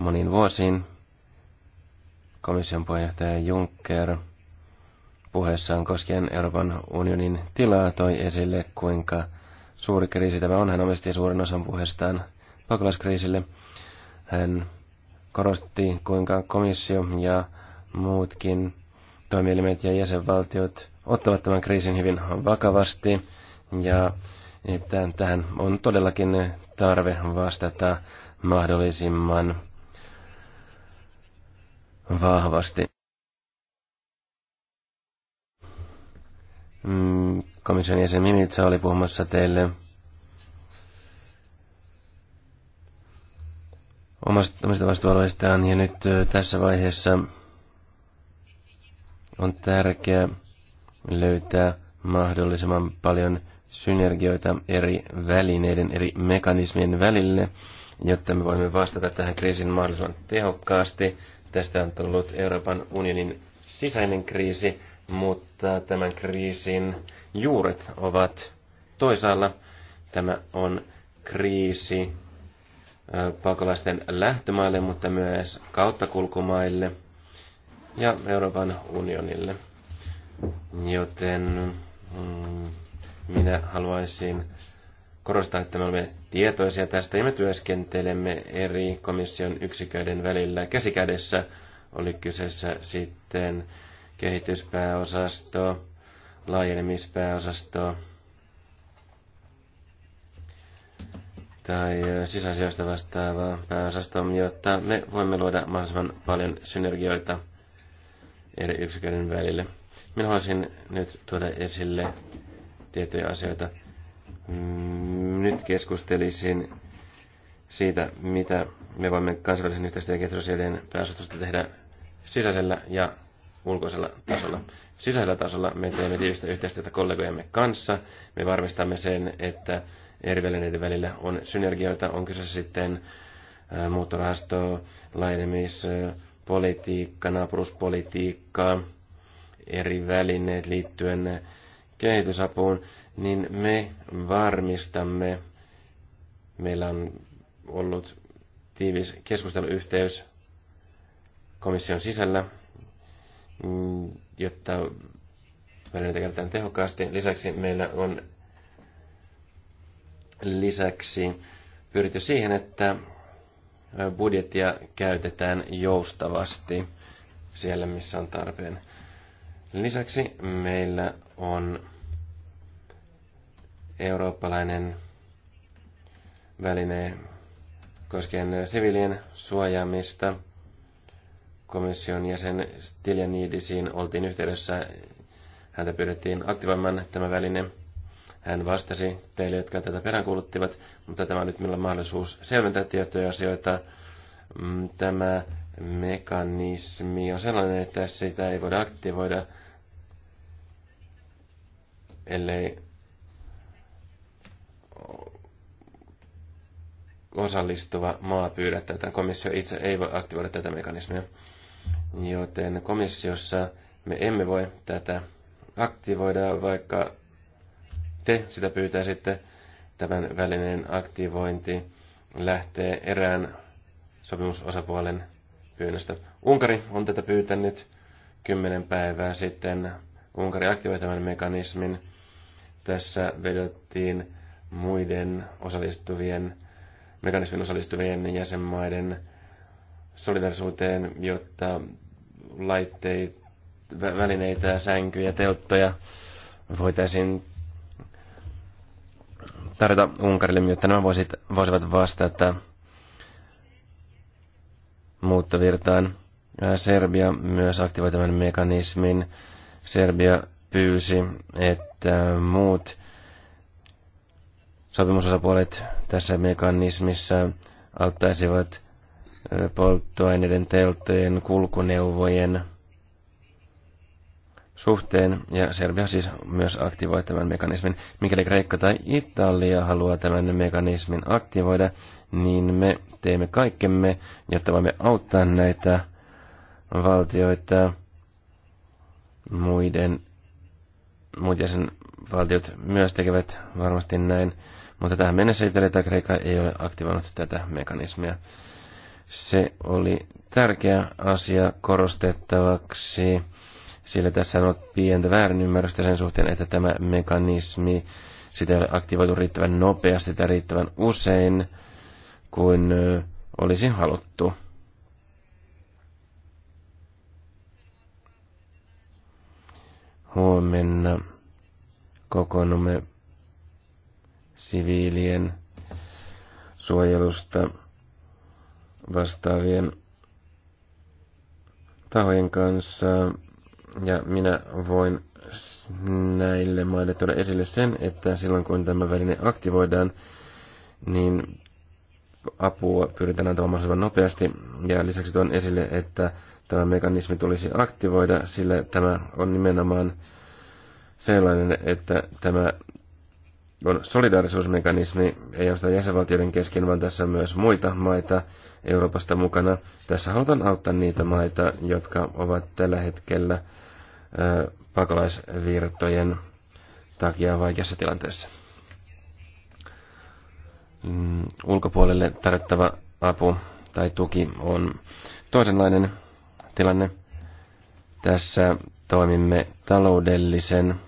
moniin vuosiin. Komission puheenjohtaja Juncker – puheessaan koskien Euroopan unionin tilaa toi esille, kuinka suuri kriisi tämä on. Hän omisti suurin osan puheestaan pakolaiskriisille. Hän korosti, kuinka komissio ja muutkin toimielimet ja jäsenvaltiot ottavat tämän kriisin hyvin vakavasti ja että tähän on todellakin tarve vastata mahdollisimman vahvasti. Mm, komission jäsen Mimitsa oli puhumassa teille omasta, omista vastuualueistaan ja nyt tässä vaiheessa on tärkeää löytää mahdollisimman paljon synergioita eri välineiden, eri mekanismien välille, jotta me voimme vastata tähän kriisin mahdollisimman tehokkaasti. Tästä on tullut Euroopan unionin sisäinen kriisi, mutta tämän kriisin juuret ovat toisaalla. Tämä on kriisi pakolaisten lähtömaille, mutta myös kauttakulkumaille ja Euroopan unionille. Joten mm, minä haluaisin korostaa, että me olemme tietoisia tästä ja me työskentelemme eri komission yksiköiden välillä käsikädessä. Oli kyseessä sitten kehityspääosasto, laajenemispääosasto tai sisäasioista vastaava pääosasto, jotta me voimme luoda mahdollisimman paljon synergioita eri yksiköiden välille. Minä haluaisin nyt tuoda esille tiettyjä asioita. Mm, nyt keskustelisin siitä, mitä me voimme kansainvälisen yhteistyön ja kehitysasioiden pääosastosta tehdä sisäisellä ja ulkoisella tasolla. Sisäisellä tasolla me teemme tiivistä yhteistyötä kollegojemme kanssa. Me varmistamme sen, että eri välineiden välillä on synergioita, on kyse sitten äh, muuttorahasto, laajenemispolitiikka, äh, naapuruspolitiikka, eri välineet liittyen äh, kehitysapuun, niin me varmistamme, meillä on ollut tiivis keskusteluyhteys komission sisällä Mm, jotta välineitä käytetään tehokkaasti. Lisäksi meillä on lisäksi pyritty siihen, että budjettia käytetään joustavasti siellä, missä on tarpeen. Lisäksi meillä on eurooppalainen väline koskien siviilien suojaamista – komission jäsen Stiljanidisiin oltiin yhteydessä. Häntä pyydettiin aktivoimaan tämä väline. Hän vastasi teille, jotka tätä peräänkuuluttivat, mutta tämä on nyt meillä mahdollisuus selventää tiettyjä asioita. Mm, tämä mekanismi on sellainen, että sitä ei voida aktivoida, ellei osallistuva maa pyydä tätä. Komissio itse ei voi aktivoida tätä mekanismia joten komissiossa me emme voi tätä aktivoida, vaikka te sitä pyytäisitte. Tämän välineen aktivointi lähtee erään sopimusosapuolen pyynnöstä. Unkari on tätä pyytänyt kymmenen päivää sitten. Unkari aktivoi tämän mekanismin. Tässä vedottiin muiden osallistuvien, mekanismin osallistuvien jäsenmaiden solidarisuuteen, jotta laitteet, välineitä, sänkyjä, telttoja voitaisiin tarjota Unkarille, jotta nämä voisit, voisivat vastata muuttovirtaan. Serbia myös aktivoi tämän mekanismin. Serbia pyysi, että muut sopimusosapuolet tässä mekanismissa auttaisivat polttoaineiden teltojen, kulkuneuvojen suhteen, ja Serbia siis myös aktivoi tämän mekanismin. Mikäli Kreikka tai Italia haluaa tämän mekanismin aktivoida, niin me teemme kaikkemme, jotta voimme auttaa näitä valtioita muiden muut jäsenvaltiot myös tekevät varmasti näin, mutta tähän mennessä Italia tai Kreikka ei ole aktivoinut tätä mekanismia. Se oli tärkeä asia korostettavaksi, sillä tässä on ollut pientä väärinymmärrystä sen suhteen, että tämä mekanismi, sitä ei ole aktivoitu riittävän nopeasti tai riittävän usein kuin olisi haluttu. Huomenna kokoonnumme siviilien suojelusta vastaavien tahojen kanssa. Ja minä voin näille maille tuoda esille sen, että silloin kun tämä väline aktivoidaan, niin apua pyritään antamaan mahdollisimman nopeasti. Ja lisäksi tuon esille, että tämä mekanismi tulisi aktivoida, sillä tämä on nimenomaan sellainen, että tämä on solidaarisuusmekanismi, ei ainoastaan jäsenvaltioiden kesken, vaan tässä on myös muita maita Euroopasta mukana. Tässä halutaan auttaa niitä maita, jotka ovat tällä hetkellä pakolaisvirtojen takia vaikeassa tilanteessa. Mm, ulkopuolelle tarjottava apu tai tuki on toisenlainen tilanne. Tässä toimimme taloudellisen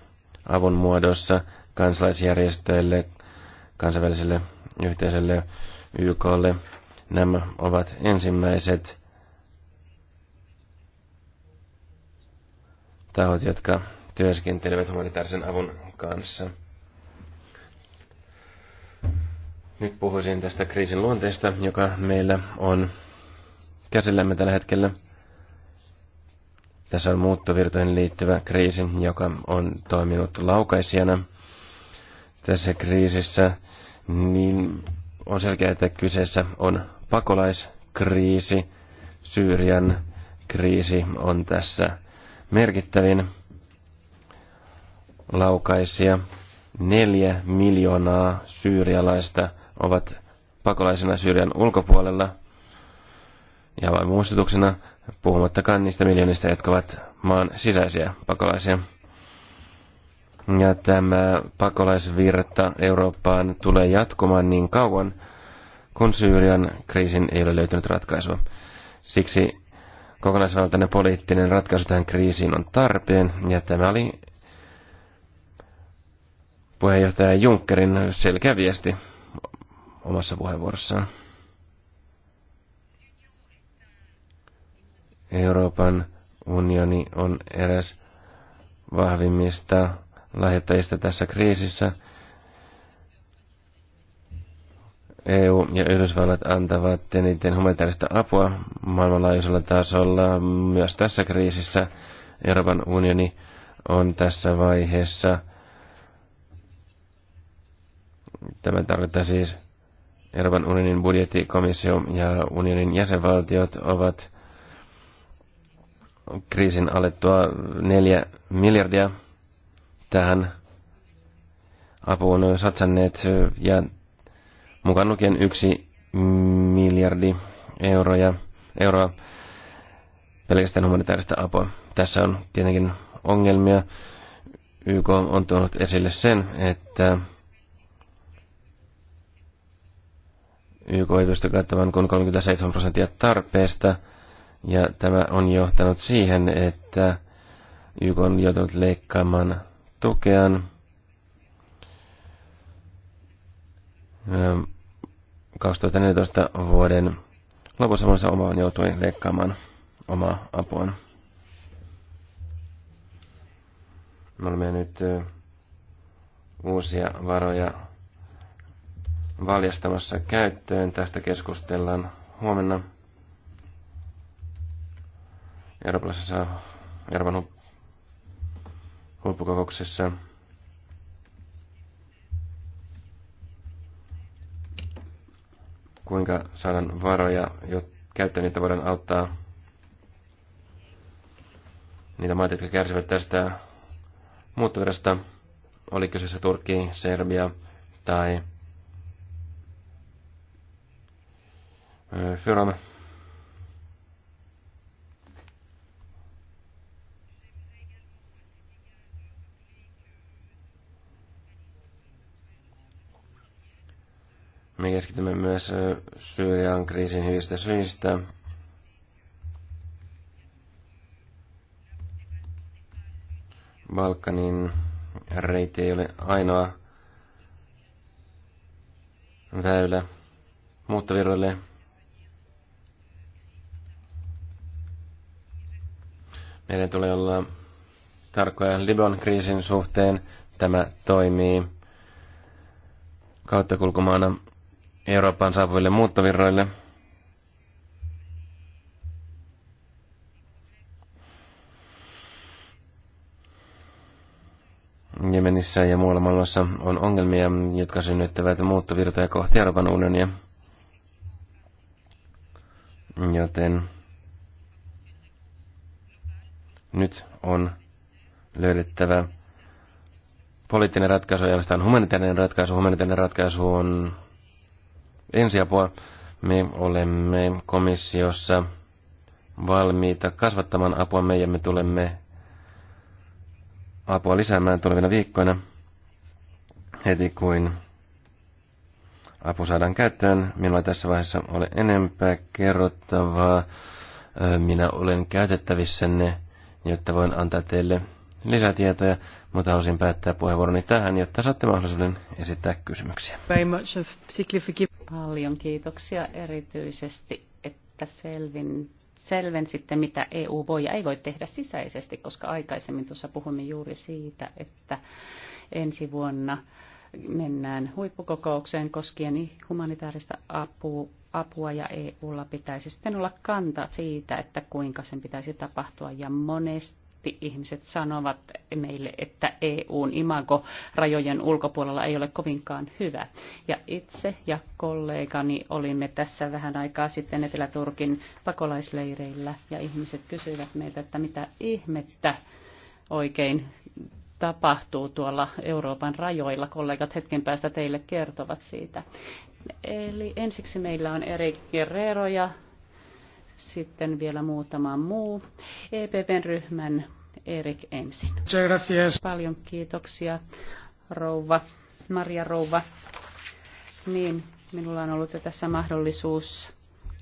avun muodossa – kansalaisjärjestöille, kansainväliselle yhteisölle, YKlle. Nämä ovat ensimmäiset tahot, jotka työskentelevät humanitaarisen avun kanssa. Nyt puhuisin tästä kriisin luonteesta, joka meillä on käsillämme tällä hetkellä. Tässä on muuttovirtoihin liittyvä kriisi, joka on toiminut laukaisijana – tässä kriisissä, niin on selkeää, että kyseessä on pakolaiskriisi. Syyrian kriisi on tässä merkittävin laukaisia. Neljä miljoonaa syyrialaista ovat pakolaisena Syyrian ulkopuolella. Ja vain muistutuksena, puhumattakaan niistä miljoonista, jotka ovat maan sisäisiä pakolaisia ja tämä pakolaisvirta Eurooppaan tulee jatkumaan niin kauan, kun Syyrian kriisin ei ole löytynyt ratkaisua. Siksi kokonaisvaltainen poliittinen ratkaisu tähän kriisiin on tarpeen, ja tämä oli puheenjohtaja Junckerin selkeä viesti omassa puheenvuorossaan. Euroopan unioni on eräs vahvimmista lähettäjistä tässä kriisissä. EU ja Yhdysvallat antavat eniten humanitaarista apua maailmanlaajuisella tasolla myös tässä kriisissä. Euroopan unioni on tässä vaiheessa. Tämä tarkoittaa siis Euroopan unionin budjettikomissio ja unionin jäsenvaltiot ovat kriisin alettua 4 miljardia tähän apuun satsanneet ja mukaan lukien yksi miljardi euroja, euroa pelkästään humanitaarista apua. Tässä on tietenkin ongelmia. YK on tuonut esille sen, että YK ei pysty kattamaan kuin 37 prosenttia tarpeesta, ja tämä on johtanut siihen, että YK on joutunut leikkaamaan Ö, 2014 vuoden lopussa monessa oma joutui leikkaamaan omaa apuaan. Me olemme nyt uusia varoja valjastamassa käyttöön. Tästä keskustellaan huomenna. Euroopassa Euroopan huippukokouksessa. Kuinka saadaan varoja, jotta käyttöön, niitä voidaan auttaa niitä maita, jotka kärsivät tästä muuttovirrasta. Oli kyseessä Turkki, Serbia tai Fyrom Me keskitymme myös Syyrian kriisin hyvistä syistä. Balkanin reitti ei ole ainoa väylä muuttovirroille. Meidän tulee olla tarkkoja Libon kriisin suhteen. Tämä toimii kulkumaana Eurooppaan saapuville muuttovirroille. Jemenissä ja muualla maailmassa on ongelmia, jotka synnyttävät muuttovirtoja kohti Euroopan unionia. Joten nyt on löydettävä poliittinen ratkaisu ja on humanitaarinen ratkaisu. Humanitaarinen ratkaisu on ensiapua. Me olemme komissiossa valmiita kasvattamaan me ja me tulemme apua lisäämään tulevina viikkoina heti kuin apu saadaan käyttöön. Minulla ei tässä vaiheessa ole enempää kerrottavaa. Minä olen käytettävissänne, jotta voin antaa teille lisätietoja, mutta halusin päättää puheenvuoroni tähän, jotta saatte mahdollisuuden esittää kysymyksiä. Paljon kiitoksia erityisesti, että selvin, sitten, mitä EU voi ja ei voi tehdä sisäisesti, koska aikaisemmin tuossa puhumme juuri siitä, että ensi vuonna mennään huippukokoukseen koskien humanitaarista apua, apua ja EUlla pitäisi sitten olla kanta siitä, että kuinka sen pitäisi tapahtua. Ja monesti ihmiset sanovat meille, että EUn imago rajojen ulkopuolella ei ole kovinkaan hyvä. Ja itse ja kollegani olimme tässä vähän aikaa sitten Etelä-Turkin pakolaisleireillä ja ihmiset kysyivät meiltä, että mitä ihmettä oikein tapahtuu tuolla Euroopan rajoilla. Kollegat hetken päästä teille kertovat siitä. Eli ensiksi meillä on Erik Guerrero ja sitten vielä muutama muu. EPPn ryhmän Erik ensin. Gracias. Paljon kiitoksia, rouva, Maria Rouva. Niin, minulla on ollut jo tässä mahdollisuus,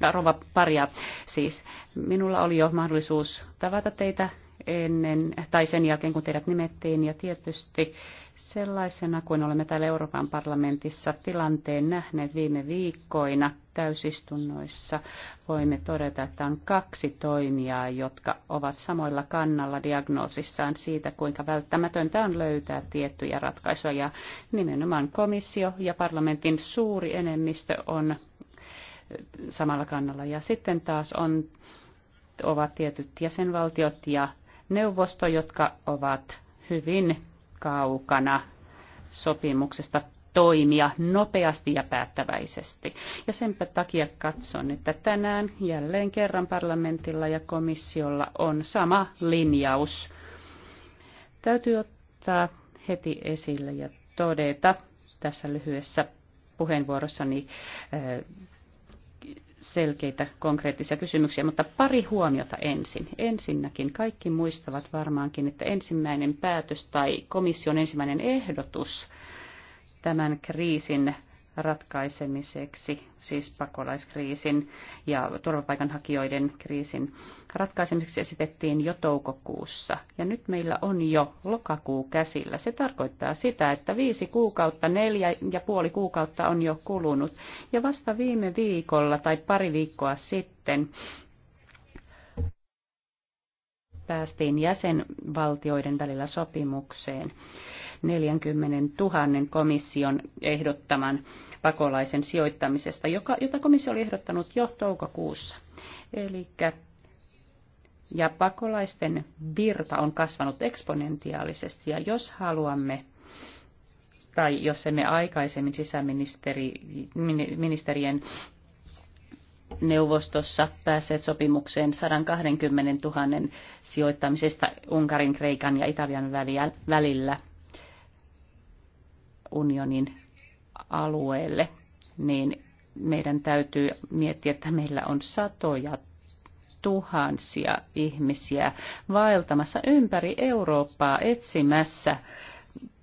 äh, rouva paria siis, minulla oli jo mahdollisuus tavata teitä ennen tai sen jälkeen, kun teidät nimettiin. Ja tietysti sellaisena kuin olemme täällä Euroopan parlamentissa tilanteen nähneet viime viikkoina täysistunnoissa, voimme todeta, että on kaksi toimijaa, jotka ovat samoilla kannalla diagnoosissaan siitä, kuinka välttämätöntä on löytää tiettyjä ratkaisuja. Ja nimenomaan komissio ja parlamentin suuri enemmistö on samalla kannalla. Ja sitten taas on ovat tietyt jäsenvaltiot ja neuvosto, jotka ovat hyvin kaukana sopimuksesta toimia nopeasti ja päättäväisesti. Ja senpä takia katson, että tänään jälleen kerran parlamentilla ja komissiolla on sama linjaus. Täytyy ottaa heti esille ja todeta tässä lyhyessä puheenvuorossani eh, selkeitä konkreettisia kysymyksiä, mutta pari huomiota ensin. Ensinnäkin kaikki muistavat varmaankin, että ensimmäinen päätös tai komission ensimmäinen ehdotus tämän kriisin ratkaisemiseksi, siis pakolaiskriisin ja turvapaikanhakijoiden kriisin ratkaisemiseksi esitettiin jo toukokuussa. Ja nyt meillä on jo lokakuu käsillä. Se tarkoittaa sitä, että viisi kuukautta, neljä ja puoli kuukautta on jo kulunut. Ja vasta viime viikolla tai pari viikkoa sitten päästiin jäsenvaltioiden välillä sopimukseen 40 000 komission ehdottaman pakolaisen sijoittamisesta, joka, jota komissio oli ehdottanut jo toukokuussa. Eli ja pakolaisten virta on kasvanut eksponentiaalisesti ja jos haluamme tai jos emme aikaisemmin sisäministerien neuvostossa päässeet sopimukseen 120 000 sijoittamisesta Unkarin, Kreikan ja Italian välillä, unionin alueelle, niin meidän täytyy miettiä, että meillä on satoja tuhansia ihmisiä vaeltamassa ympäri Eurooppaa etsimässä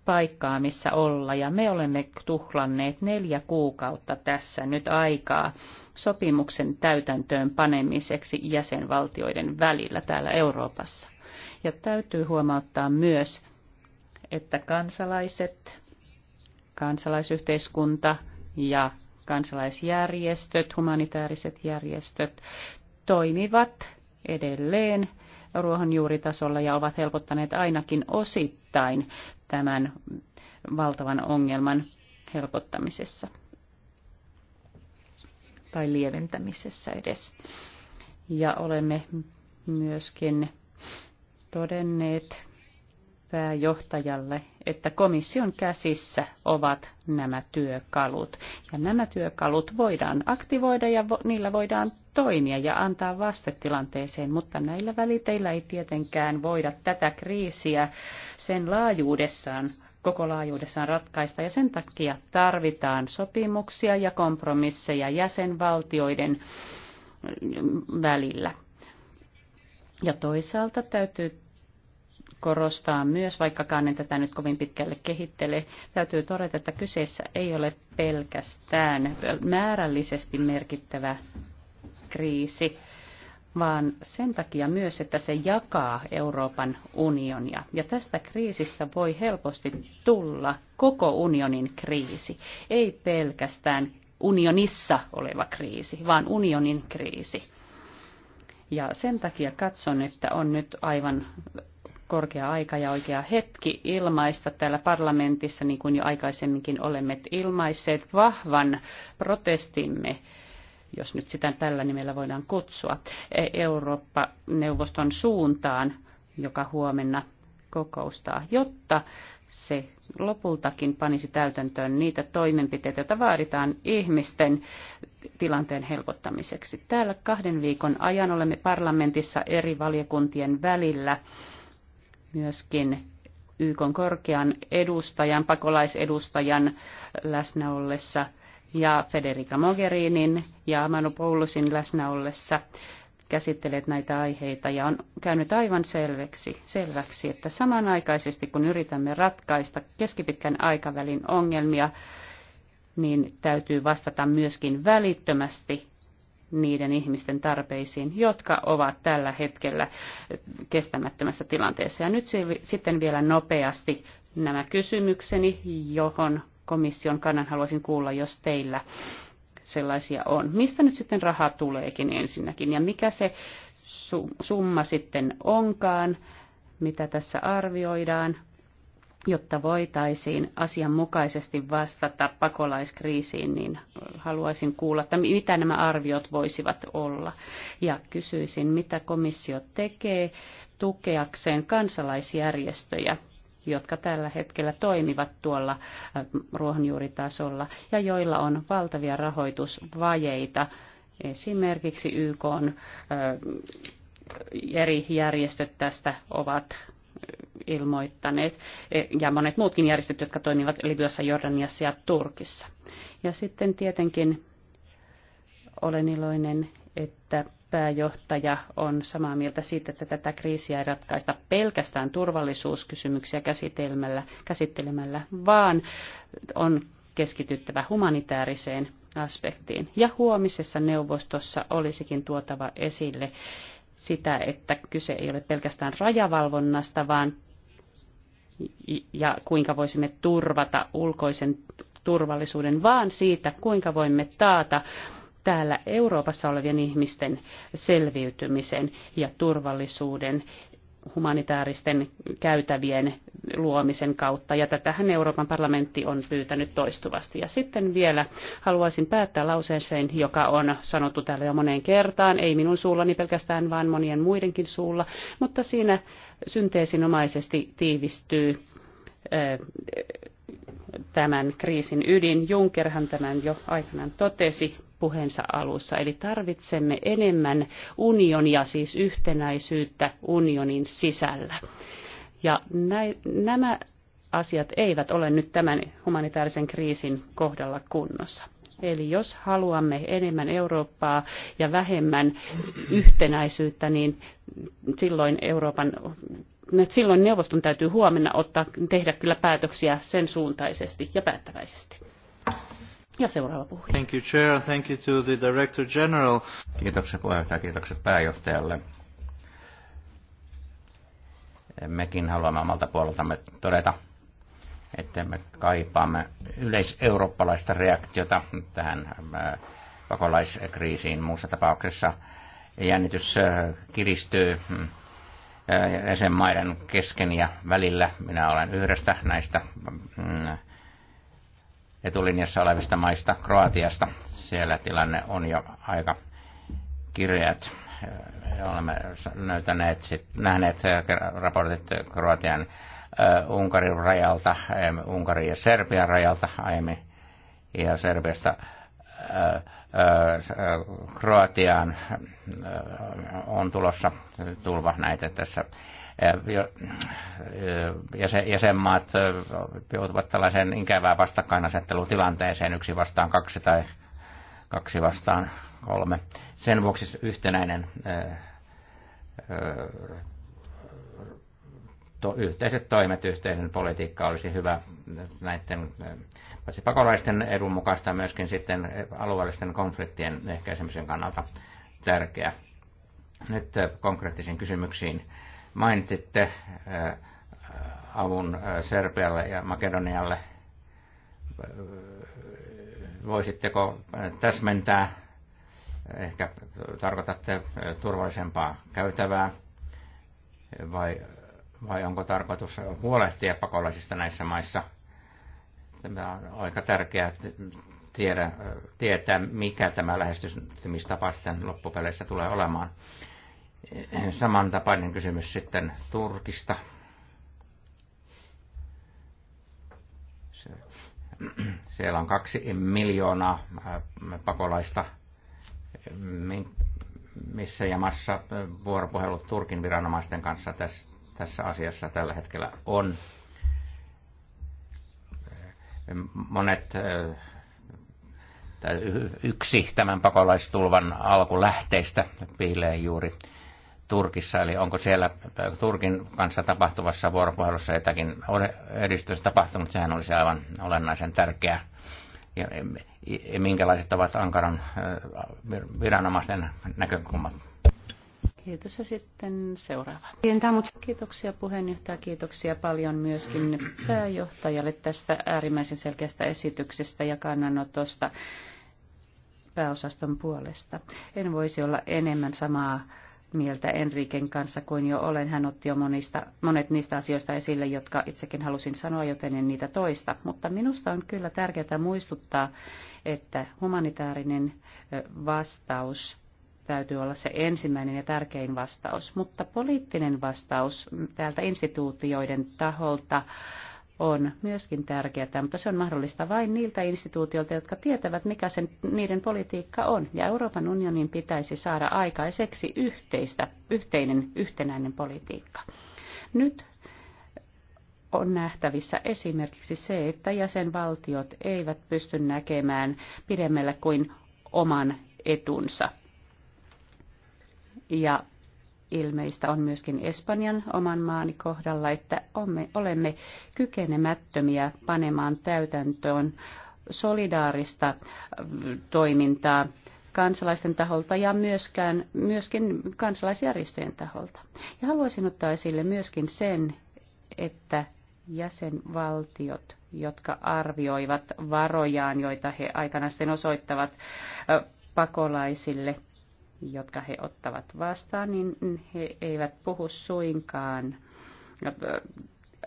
paikkaa, missä olla. Ja me olemme tuhlanneet neljä kuukautta tässä nyt aikaa sopimuksen täytäntöön panemiseksi jäsenvaltioiden välillä täällä Euroopassa. Ja täytyy huomauttaa myös, että kansalaiset kansalaisyhteiskunta ja kansalaisjärjestöt, humanitaariset järjestöt toimivat edelleen ruohonjuuritasolla ja ovat helpottaneet ainakin osittain tämän valtavan ongelman helpottamisessa tai lieventämisessä edes. Ja olemme myöskin todenneet pääjohtajalle, että komission käsissä ovat nämä työkalut. Ja nämä työkalut voidaan aktivoida ja vo- niillä voidaan toimia ja antaa vastetilanteeseen, mutta näillä väliteillä ei tietenkään voida tätä kriisiä sen laajuudessaan koko laajuudessaan ratkaista ja sen takia tarvitaan sopimuksia ja kompromisseja jäsenvaltioiden välillä. Ja toisaalta täytyy korostaa myös, vaikkakaan en tätä nyt kovin pitkälle kehittele, täytyy todeta, että kyseessä ei ole pelkästään määrällisesti merkittävä kriisi, vaan sen takia myös, että se jakaa Euroopan unionia. Ja tästä kriisistä voi helposti tulla koko unionin kriisi, ei pelkästään unionissa oleva kriisi, vaan unionin kriisi. Ja sen takia katson, että on nyt aivan korkea aika ja oikea hetki ilmaista täällä parlamentissa, niin kuin jo aikaisemminkin olemme ilmaisseet, vahvan protestimme jos nyt sitä tällä nimellä voidaan kutsua, e- Eurooppa-neuvoston suuntaan, joka huomenna kokoustaa, jotta se lopultakin panisi täytäntöön niitä toimenpiteitä, joita vaaditaan ihmisten tilanteen helpottamiseksi. Täällä kahden viikon ajan olemme parlamentissa eri valiokuntien välillä myöskin YK korkean edustajan, pakolaisedustajan läsnä ollessa ja Federica Mogherinin ja Amanopoulosin läsnä ollessa käsittelet näitä aiheita ja on käynyt aivan selväksi, selväksi, että samanaikaisesti kun yritämme ratkaista keskipitkän aikavälin ongelmia, niin täytyy vastata myöskin välittömästi niiden ihmisten tarpeisiin, jotka ovat tällä hetkellä kestämättömässä tilanteessa. Ja nyt sitten vielä nopeasti nämä kysymykseni, johon komission kannan haluaisin kuulla, jos teillä sellaisia on. Mistä nyt sitten raha tuleekin ensinnäkin ja mikä se summa sitten onkaan, mitä tässä arvioidaan jotta voitaisiin asianmukaisesti vastata pakolaiskriisiin, niin haluaisin kuulla, että mitä nämä arviot voisivat olla. Ja kysyisin, mitä komissio tekee tukeakseen kansalaisjärjestöjä jotka tällä hetkellä toimivat tuolla äh, ruohonjuuritasolla ja joilla on valtavia rahoitusvajeita esimerkiksi YK on, äh, eri järjestöt tästä ovat ilmoittaneet, e, ja monet muutkin järjestöt, jotka toimivat Libyassa, Jordaniassa ja Turkissa. Ja sitten tietenkin olen iloinen, että pääjohtaja on samaa mieltä siitä, että tätä kriisiä ei ratkaista pelkästään turvallisuuskysymyksiä käsittelemällä, käsittelemällä vaan on keskityttävä humanitaariseen aspektiin. Ja huomisessa neuvostossa olisikin tuotava esille sitä, että kyse ei ole pelkästään rajavalvonnasta, vaan ja kuinka voisimme turvata ulkoisen turvallisuuden, vaan siitä, kuinka voimme taata täällä Euroopassa olevien ihmisten selviytymisen ja turvallisuuden humanitaaristen käytävien luomisen kautta, ja tätähän Euroopan parlamentti on pyytänyt toistuvasti. Ja sitten vielä haluaisin päättää lauseeseen, joka on sanottu täällä jo moneen kertaan, ei minun suullani pelkästään, vaan monien muidenkin suulla, mutta siinä synteesinomaisesti tiivistyy tämän kriisin ydin. Junckerhan tämän jo aikanaan totesi, puheensa alussa. Eli tarvitsemme enemmän unionia, siis yhtenäisyyttä unionin sisällä. Ja näin, nämä asiat eivät ole nyt tämän humanitaarisen kriisin kohdalla kunnossa. Eli jos haluamme enemmän Eurooppaa ja vähemmän yhtenäisyyttä, niin silloin Euroopan silloin neuvoston täytyy huomenna ottaa, tehdä kyllä päätöksiä sen suuntaisesti ja päättäväisesti. Ja seuraava puhuja. Thank you, Chair. Thank you to the Director General. Kiitoksia puheenjohtaja, kiitokset pääjohtajalle. Mekin haluamme omalta puoleltamme todeta, että me kaipaamme yleiseurooppalaista reaktiota tähän äh, pakolaiskriisiin. Muussa tapauksessa jännitys äh, kiristyy mm, äh, jäsenmaiden kesken ja välillä. Minä olen yhdestä näistä mm, etulinjassa olevista maista, Kroatiasta. Siellä tilanne on jo aika kirjat. Olemme löytäneet, sit, nähneet raportit Kroatian Unkarin rajalta, Unkarin ja Serbian rajalta aiemmin, ja Serbiasta Kroatiaan on tulossa tulva näitä tässä jäsenmaat joutuvat tällaiseen ikävään tilanteeseen yksi vastaan kaksi tai kaksi vastaan kolme. Sen vuoksi yhtenäinen to, yhteiset toimet, yhteinen politiikka olisi hyvä näiden paitsi pakolaisten edun mukaista myöskin sitten alueellisten konfliktien ehkäisemisen kannalta tärkeä. Nyt konkreettisiin kysymyksiin Mainitsitte äh, avun äh, Serbialle ja Makedonialle. Äh, voisitteko täsmentää, ehkä tarkoitatte turvallisempaa käytävää, vai, vai onko tarkoitus huolehtia pakolaisista näissä maissa? Tämä on aika tärkeää tiedä, tietää, mikä tämä lähestymistapa sitten loppupeleissä tulee olemaan samantapainen kysymys sitten Turkista. Siellä on kaksi miljoonaa äh, pakolaista, missä jamassa vuoropuhelut Turkin viranomaisten kanssa tässä asiassa tällä hetkellä on. Monet äh, yksi tämän pakolaistulvan alkulähteistä piilee juuri Turkissa, eli onko siellä Turkin kanssa tapahtuvassa vuoropuhelussa jotakin edistystä tapahtunut, sehän olisi aivan olennaisen tärkeää. Ja minkälaiset ovat Ankaran viranomaisten näkökulmat? Kiitos ja sitten seuraava. Kiitoksia puheenjohtaja, kiitoksia paljon myöskin pääjohtajalle tästä äärimmäisen selkeästä esityksestä ja kannanotosta pääosaston puolesta. En voisi olla enemmän samaa mieltä Enriken kanssa kuin jo olen. Hän otti jo monista, monet niistä asioista esille, jotka itsekin halusin sanoa, joten en niitä toista. Mutta minusta on kyllä tärkeää muistuttaa, että humanitaarinen vastaus täytyy olla se ensimmäinen ja tärkein vastaus, mutta poliittinen vastaus täältä instituutioiden taholta on myöskin tärkeää, mutta se on mahdollista vain niiltä instituutioilta, jotka tietävät, mikä sen, niiden politiikka on. Ja Euroopan unionin pitäisi saada aikaiseksi yhteistä, yhteinen, yhtenäinen politiikka. Nyt on nähtävissä esimerkiksi se, että jäsenvaltiot eivät pysty näkemään pidemmälle kuin oman etunsa. Ja ilmeistä on myöskin Espanjan oman maani kohdalla, että olemme kykenemättömiä panemaan täytäntöön solidaarista äh, toimintaa kansalaisten taholta ja myöskään, myöskin kansalaisjärjestöjen taholta. Ja haluaisin ottaa esille myöskin sen, että jäsenvaltiot, jotka arvioivat varojaan, joita he aikana sitten osoittavat äh, pakolaisille – jotka he ottavat vastaan, niin he eivät puhu suinkaan äh,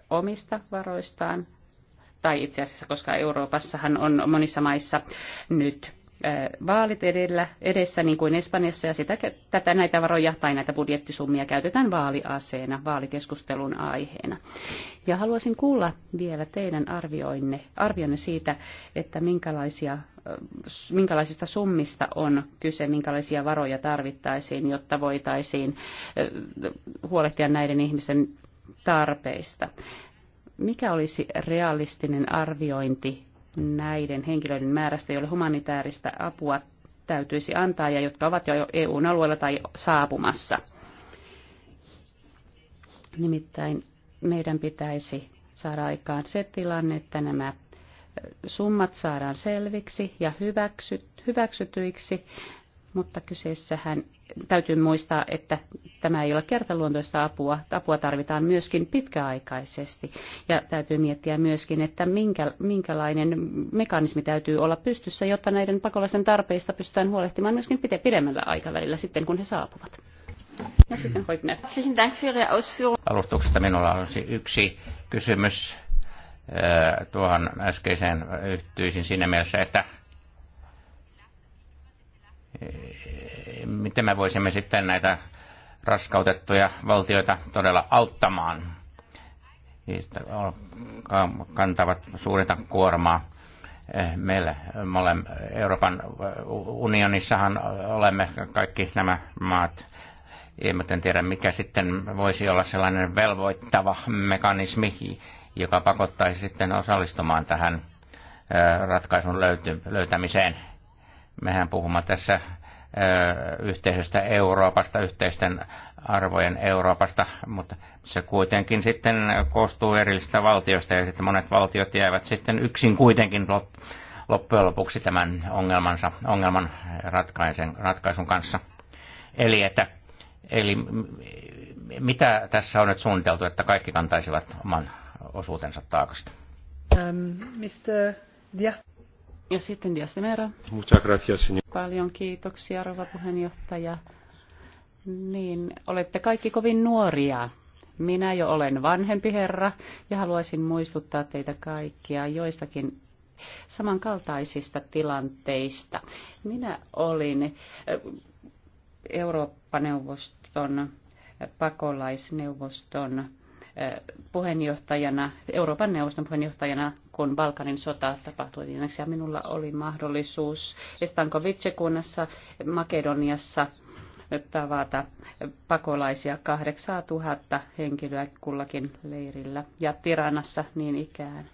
omista varoistaan, tai itse asiassa, koska Euroopassahan on monissa maissa nyt vaalit edellä, edessä, niin kuin Espanjassa, ja sitä, tätä, näitä varoja tai näitä budjettisummia käytetään vaaliaseena, vaalikeskustelun aiheena. Ja haluaisin kuulla vielä teidän arvioinne, arvioinne siitä, että minkälaisia, minkälaisista summista on kyse, minkälaisia varoja tarvittaisiin, jotta voitaisiin huolehtia näiden ihmisten tarpeista. Mikä olisi realistinen arviointi näiden henkilöiden määrästä, joille humanitaarista apua täytyisi antaa ja jotka ovat jo EUn alueella tai saapumassa. Nimittäin meidän pitäisi saada aikaan se tilanne, että nämä summat saadaan selviksi ja hyväksytyiksi, mutta kyseessähän täytyy muistaa, että tämä ei ole kertaluontoista apua. Apua tarvitaan myöskin pitkäaikaisesti. Ja täytyy miettiä myöskin, että minkä, minkälainen mekanismi täytyy olla pystyssä, jotta näiden pakolaisten tarpeista pystytään huolehtimaan myöskin pidemmällä aikavälillä sitten, kun he saapuvat. Ja no sitten Alustuksesta minulla on yksi kysymys. Äh, tuohon äskeiseen äh, yhtyisin siinä mielessä, että Eh, miten me voisimme sitten näitä raskautettuja valtioita todella auttamaan. kantavat suurinta kuormaa. Eh, meillä Euroopan unionissahan olemme kaikki nämä maat. En tiedä, mikä sitten voisi olla sellainen velvoittava mekanismi, joka pakottaisi sitten osallistumaan tähän eh, ratkaisun löytämiseen Mehän puhumme tässä yhteisestä Euroopasta, yhteisten arvojen Euroopasta, mutta se kuitenkin sitten koostuu erillisistä valtioista ja sitten monet valtiot jäävät sitten yksin kuitenkin loppujen lopuksi tämän ongelmansa, ongelman ratkaisen, ratkaisun kanssa. Eli, että, eli mitä tässä on nyt suunniteltu, että kaikki kantaisivat oman osuutensa taakasta? Um, Mr. Yeah. Ja sitten Diasimera. Muchas gracias, Paljon kiitoksia, rouva puheenjohtaja. Niin, olette kaikki kovin nuoria. Minä jo olen vanhempi herra ja haluaisin muistuttaa teitä kaikkia joistakin samankaltaisista tilanteista. Minä olin eh, Eurooppa-neuvoston eh, pakolaisneuvoston puheenjohtajana, Euroopan neuvoston puheenjohtajana, kun Balkanin sota tapahtui viimeksi. Ja minulla oli mahdollisuus Estankovitsekunnassa Makedoniassa tavata pakolaisia 8000 henkilöä kullakin leirillä ja Tiranassa niin ikään.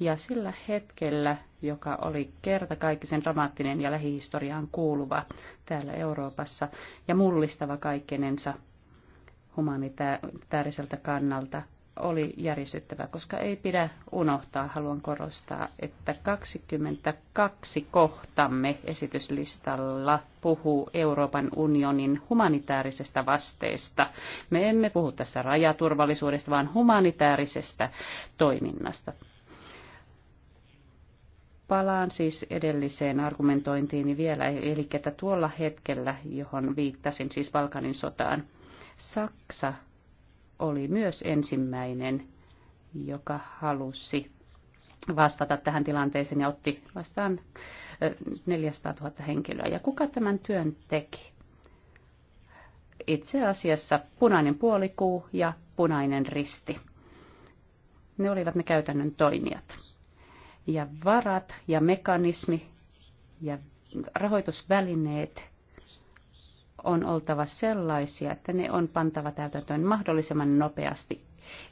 Ja sillä hetkellä, joka oli kerta kaikisen dramaattinen ja lähihistoriaan kuuluva täällä Euroopassa ja mullistava kaikkenensa humanitaariselta kannalta oli järisyttävä, koska ei pidä unohtaa, haluan korostaa, että 22 kohtamme esityslistalla puhuu Euroopan unionin humanitaarisesta vasteesta. Me emme puhu tässä rajaturvallisuudesta, vaan humanitaarisesta toiminnasta. Palaan siis edelliseen argumentointiini vielä, eli että tuolla hetkellä, johon viittasin siis Balkanin sotaan, Saksa oli myös ensimmäinen, joka halusi vastata tähän tilanteeseen ja otti vastaan 400 000 henkilöä. Ja kuka tämän työn teki? Itse asiassa punainen puolikuu ja punainen risti. Ne olivat ne käytännön toimijat. Ja varat ja mekanismi ja rahoitusvälineet on oltava sellaisia, että ne on pantava täytäntöön mahdollisimman nopeasti.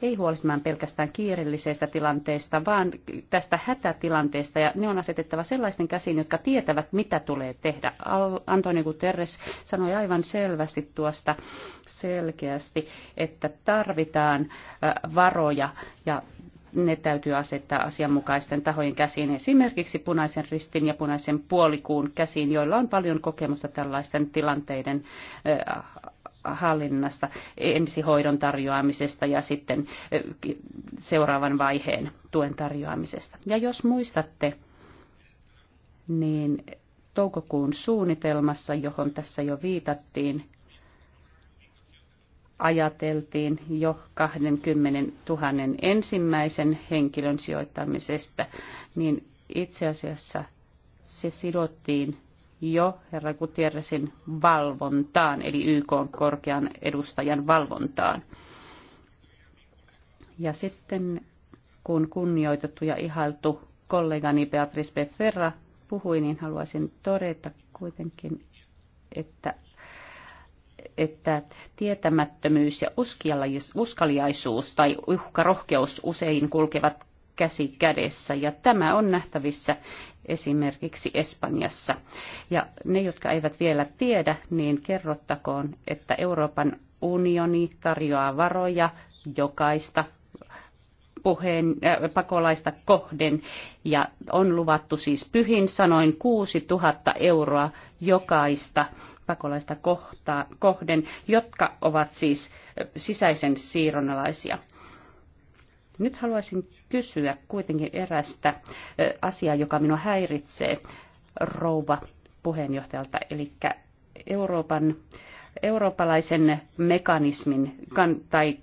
Ei huolehtimaan pelkästään kiireellisestä tilanteesta, vaan tästä hätätilanteesta, ja ne on asetettava sellaisten käsiin, jotka tietävät, mitä tulee tehdä. Antoni Guterres sanoi aivan selvästi tuosta selkeästi, että tarvitaan äh, varoja ja ne täytyy asettaa asianmukaisten tahojen käsiin, esimerkiksi punaisen ristin ja punaisen puolikuun käsiin, joilla on paljon kokemusta tällaisten tilanteiden hallinnasta, ensihoidon tarjoamisesta ja sitten seuraavan vaiheen tuen tarjoamisesta. Ja jos muistatte, niin toukokuun suunnitelmassa, johon tässä jo viitattiin, ajateltiin jo 20 000 ensimmäisen henkilön sijoittamisesta, niin itse asiassa se sidottiin jo herra Gutierrezin valvontaan, eli YK korkean edustajan valvontaan. Ja sitten kun kunnioitettu ja ihailtu kollegani Beatrice Beferra puhui, niin haluaisin todeta kuitenkin, että että tietämättömyys ja uskaliaisuus tai uhkarohkeus usein kulkevat käsi kädessä. Ja tämä on nähtävissä esimerkiksi Espanjassa. Ja ne, jotka eivät vielä tiedä, niin kerrottakoon, että Euroopan unioni tarjoaa varoja jokaista puheen, äh, pakolaista kohden ja on luvattu siis pyhin sanoin 6000 euroa jokaista pakolaista kohtaa, kohden, jotka ovat siis sisäisen siirronalaisia. Nyt haluaisin kysyä kuitenkin erästä asiaa, joka minua häiritsee rouva puheenjohtajalta, eli Euroopan eurooppalaisen mekanismin tai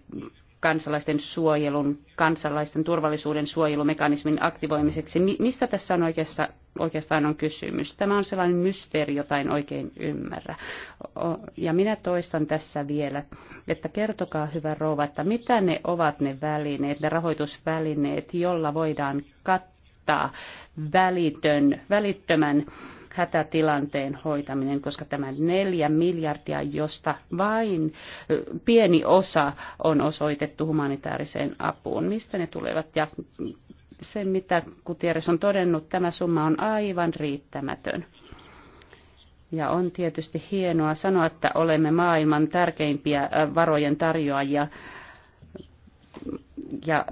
kansalaisten suojelun, kansalaisten turvallisuuden suojelumekanismin aktivoimiseksi. Mistä tässä on oikeassa, oikeastaan on kysymys? Tämä on sellainen mysteeri, jota en oikein ymmärrä. Ja minä toistan tässä vielä, että kertokaa hyvä rouva, että mitä ne ovat ne välineet, ne rahoitusvälineet, jolla voidaan kattaa välitön, välittömän hätätilanteen hoitaminen, koska tämä neljä miljardia, josta vain pieni osa on osoitettu humanitaariseen apuun, mistä ne tulevat ja sen, mitä Kutieres on todennut, tämä summa on aivan riittämätön. Ja on tietysti hienoa sanoa, että olemme maailman tärkeimpiä varojen tarjoajia ja,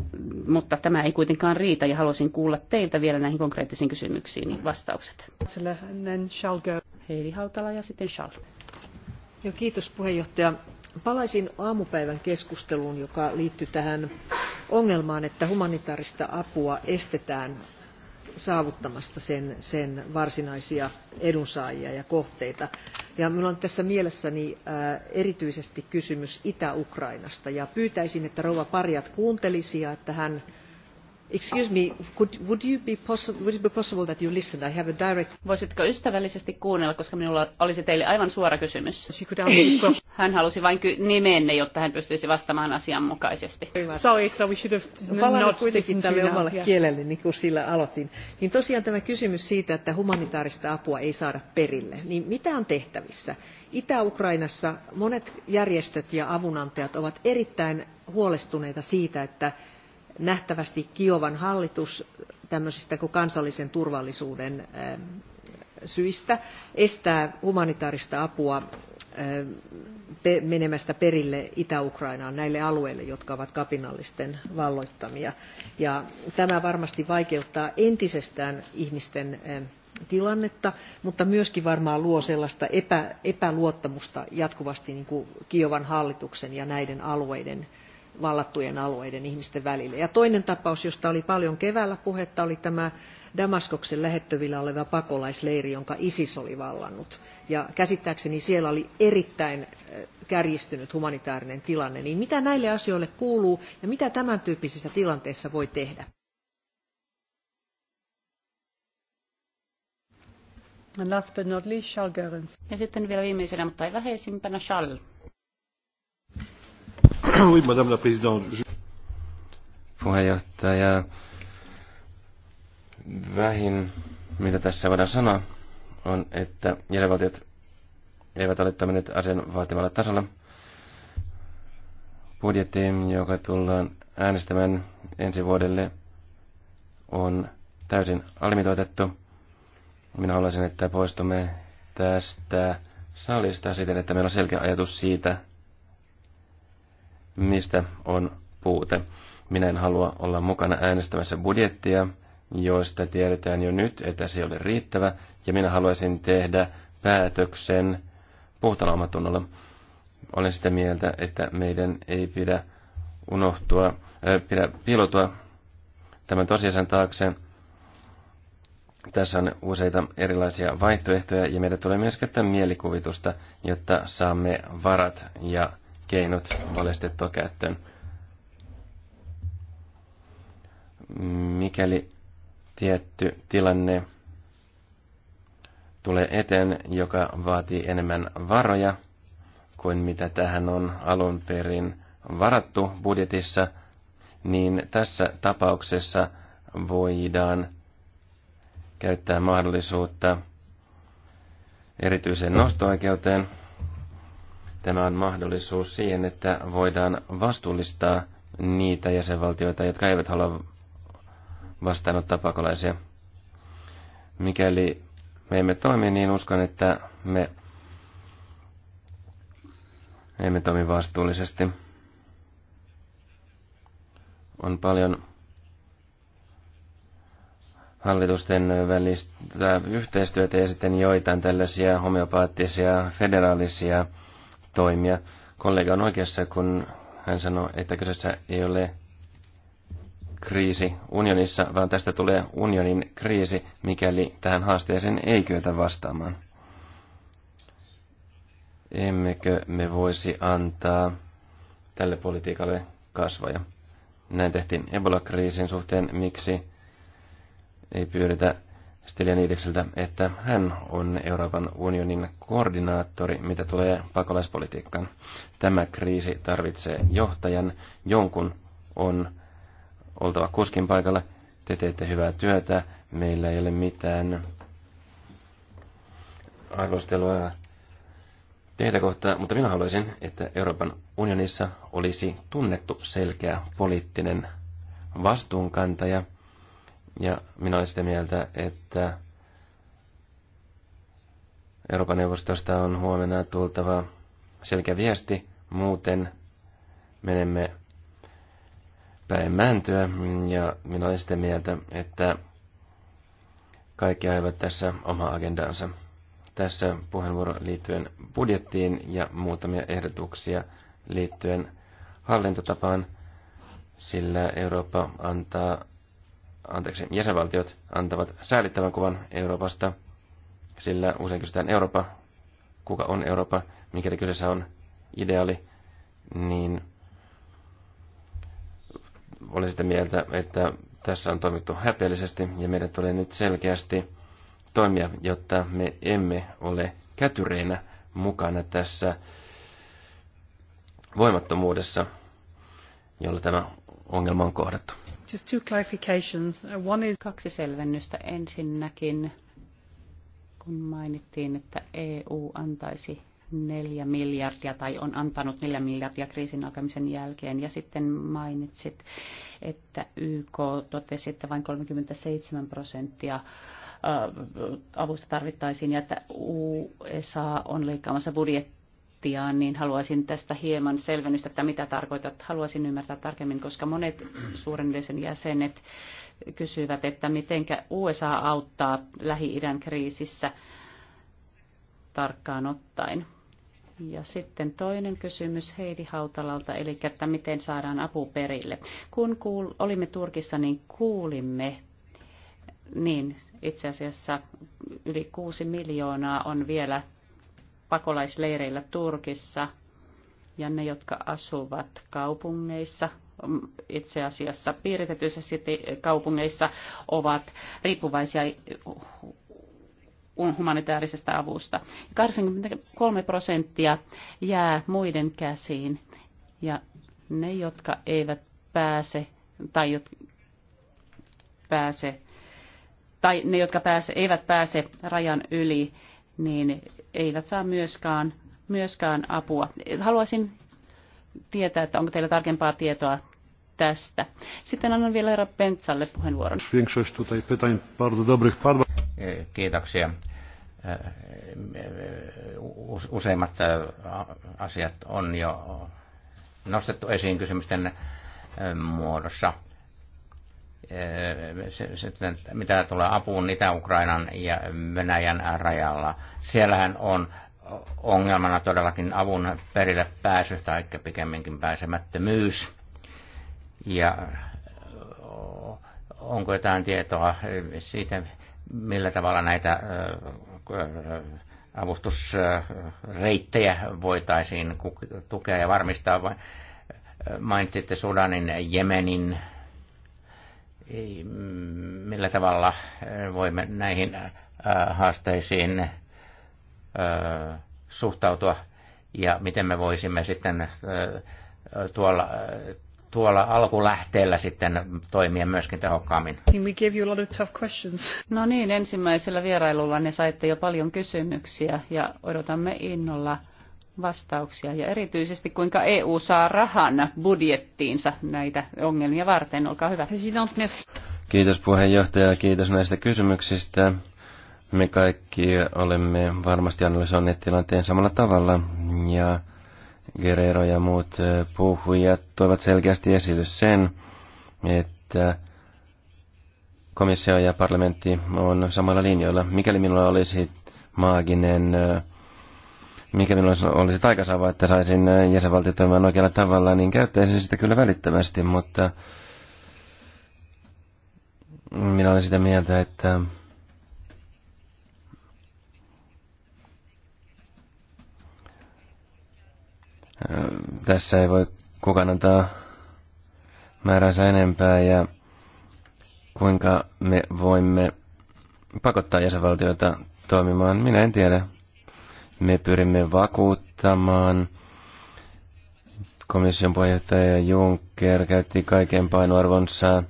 mutta tämä ei kuitenkaan riitä ja haluaisin kuulla teiltä vielä näihin konkreettisiin kysymyksiin vastaukset. Heidi Hautala ja sitten Charles. Jo, kiitos puheenjohtaja. Palaisin aamupäivän keskusteluun, joka liittyy tähän ongelmaan, että humanitaarista apua estetään saavuttamasta sen, sen varsinaisia edunsaajia ja kohteita. Ja minulla on tässä mielessäni äh, erityisesti kysymys Itä-Ukrainasta ja pyytäisin, että rouva Parjat kuuntelisi ja että hän Excuse me, could, would, you be would it be possible that you listen? I have a direct... Voisitko ystävällisesti kuunnella, koska minulla olisi teille aivan suora kysymys. Hän halusi vain ky- nimenne, jotta hän pystyisi vastaamaan asianmukaisesti. Sorry, so we should have Palaan kuitenkin tälle omalle yeah. kielelle, niin kuin sillä aloitin. Niin tosiaan tämä kysymys siitä, että humanitaarista apua ei saada perille, niin mitä on tehtävissä? Itä-Ukrainassa monet järjestöt ja avunantajat ovat erittäin huolestuneita siitä, että nähtävästi Kiovan hallitus tämmöisistä kuin kansallisen turvallisuuden ähm, syistä estää humanitaarista apua ähm, menemästä perille Itä-Ukrainaan näille alueille, jotka ovat kapinallisten valloittamia. Ja tämä varmasti vaikeuttaa entisestään ihmisten ähm, tilannetta, mutta myöskin varmaan luo sellaista epä, epäluottamusta jatkuvasti niin kuin Kiovan hallituksen ja näiden alueiden vallattujen alueiden ihmisten välille. Ja toinen tapaus, josta oli paljon keväällä puhetta, oli tämä Damaskoksen lähettyvillä oleva pakolaisleiri, jonka ISIS oli vallannut. Ja käsittääkseni siellä oli erittäin kärjistynyt humanitaarinen tilanne. Niin mitä näille asioille kuuluu ja mitä tämän tyyppisissä tilanteissa voi tehdä? And last but not least, Charles Görens. Ja sitten vielä viimeisenä, mutta ei vähäisimpänä, Charles. Oui, madame la présidente. Puheenjohtaja, vähin mitä tässä voidaan sanoa on, että jäljenvaltiot eivät ole toimineet asian vaatimalla tasolla. Budjetti, joka tullaan äänestämään ensi vuodelle, on täysin alimitoitettu. Minä haluaisin, että poistumme tästä salista siten, että meillä on selkeä ajatus siitä, mistä on puute. Minä en halua olla mukana äänestämässä budjettia, joista tiedetään jo nyt, että se ei ole riittävä, ja minä haluaisin tehdä päätöksen puhtaalla Olen sitä mieltä, että meidän ei pidä unohtua, äh, pidä piilotua tämän tosiasian taakse. Tässä on useita erilaisia vaihtoehtoja ja meidän tulee myös käyttää mielikuvitusta, jotta saamme varat ja keinot valistettua käyttöön. Mikäli tietty tilanne tulee eteen, joka vaatii enemmän varoja kuin mitä tähän on alun perin varattu budjetissa, niin tässä tapauksessa voidaan käyttää mahdollisuutta erityiseen nosto-oikeuteen – Tämä on mahdollisuus siihen, että voidaan vastuullistaa niitä jäsenvaltioita, jotka eivät halua vastaanottaa pakolaisia. Mikäli me emme toimi, niin uskon, että me emme toimi vastuullisesti. On paljon hallitusten välistä yhteistyötä ja sitten joitain tällaisia homeopaattisia federaalisia toimia. Kollega on oikeassa, kun hän sanoi että kyseessä ei ole kriisi unionissa, vaan tästä tulee unionin kriisi, mikäli tähän haasteeseen ei kyetä vastaamaan. Emmekö me voisi antaa tälle politiikalle kasvaja? Näin tehtiin Ebola-kriisin suhteen, miksi ei pyydetä Stelianidekseltä, että hän on Euroopan unionin koordinaattori, mitä tulee pakolaispolitiikkaan. Tämä kriisi tarvitsee johtajan. Jonkun on oltava kuskin paikalla. Te teette hyvää työtä. Meillä ei ole mitään arvostelua teitä kohtaan, mutta minä haluaisin, että Euroopan unionissa olisi tunnettu selkeä poliittinen vastuunkantaja – ja minä olen sitä mieltä, että Euroopan neuvostosta on huomenna tultava selkeä viesti, muuten menemme päin mäntyä. Ja minä olen sitä mieltä, että kaikki ajavat tässä oma agendansa. Tässä puheenvuoro liittyen budjettiin ja muutamia ehdotuksia liittyen hallintotapaan, sillä Eurooppa antaa anteeksi, jäsenvaltiot antavat säälittävän kuvan Euroopasta, sillä usein kysytään Eurooppa, kuka on Eurooppa, mikäli kyseessä on ideaali, niin olen sitä mieltä, että tässä on toimittu häpeällisesti ja meidän tulee nyt selkeästi toimia, jotta me emme ole kätyreinä mukana tässä voimattomuudessa, jolla tämä ongelma on kohdattu. Just two clarifications. Uh, one is... Kaksi selvennystä. Ensinnäkin, kun mainittiin, että EU antaisi neljä miljardia tai on antanut neljä miljardia kriisin alkamisen jälkeen. Ja sitten mainitsit, että YK totesi, että vain 37 prosenttia äh, avusta tarvittaisiin ja että USA on leikkaamassa budjettia lattiaan, niin haluaisin tästä hieman selvennystä, että mitä tarkoitat. Haluaisin ymmärtää tarkemmin, koska monet suuren yleisen jäsenet kysyvät, että miten USA auttaa Lähi-idän kriisissä tarkkaan ottaen. Ja sitten toinen kysymys Heidi Hautalalta, eli että miten saadaan apu perille. Kun kuul- olimme Turkissa, niin kuulimme, niin itse asiassa yli kuusi miljoonaa on vielä pakolaisleireillä Turkissa ja ne, jotka asuvat kaupungeissa, mm, itse asiassa piiritetyissä kaupungeissa, ovat riippuvaisia humanitaarisesta avusta. 83 prosenttia jää muiden käsiin ja ne, jotka eivät pääse tai pääse tai ne, jotka pääse, eivät pääse rajan yli, niin eivät saa myöskään, myöskään apua. Haluaisin tietää, että onko teillä tarkempaa tietoa tästä. Sitten annan vielä herra Pentsalle puheenvuoron. Kiitoksia. Useimmat asiat on jo nostettu esiin kysymysten muodossa sitten, mitä tulee apuun niin Itä-Ukrainan ja Venäjän rajalla. Siellähän on ongelmana todellakin avun perille pääsy tai pikemminkin pääsemättömyys. Ja onko jotain tietoa siitä, millä tavalla näitä avustusreittejä voitaisiin tukea ja varmistaa? Mainitsitte Sudanin, Jemenin, ei, millä tavalla äh, voimme näihin äh, haasteisiin äh, suhtautua ja miten me voisimme sitten tuolla, tuolla alkulähteellä sitten toimia myöskin tehokkaammin. We you a lot of tough questions. No niin, ensimmäisellä vierailulla ne saitte jo paljon kysymyksiä ja odotamme innolla vastauksia ja erityisesti kuinka EU saa rahan budjettiinsa näitä ongelmia varten. Olkaa hyvä. Kiitos puheenjohtaja, kiitos näistä kysymyksistä. Me kaikki olemme varmasti analysoineet tilanteen samalla tavalla ja Guerrero ja muut eh, puhujat toivat selkeästi esille sen, että komissio ja parlamentti on samalla linjoilla. Mikäli minulla olisi maaginen eh, mikä minulla olisi taikasava, että saisin äh, jäsenvaltiot toimimaan oikealla tavalla, niin käyttäisin sitä kyllä välittömästi, mutta minä olen sitä mieltä, että äh, tässä ei voi kukaan antaa määränsä enempää ja kuinka me voimme pakottaa jäsenvaltioita toimimaan, minä en tiedä. Me pyrimme vakuuttamaan komission puheenjohtaja Juncker käytti kaiken painoarvonsa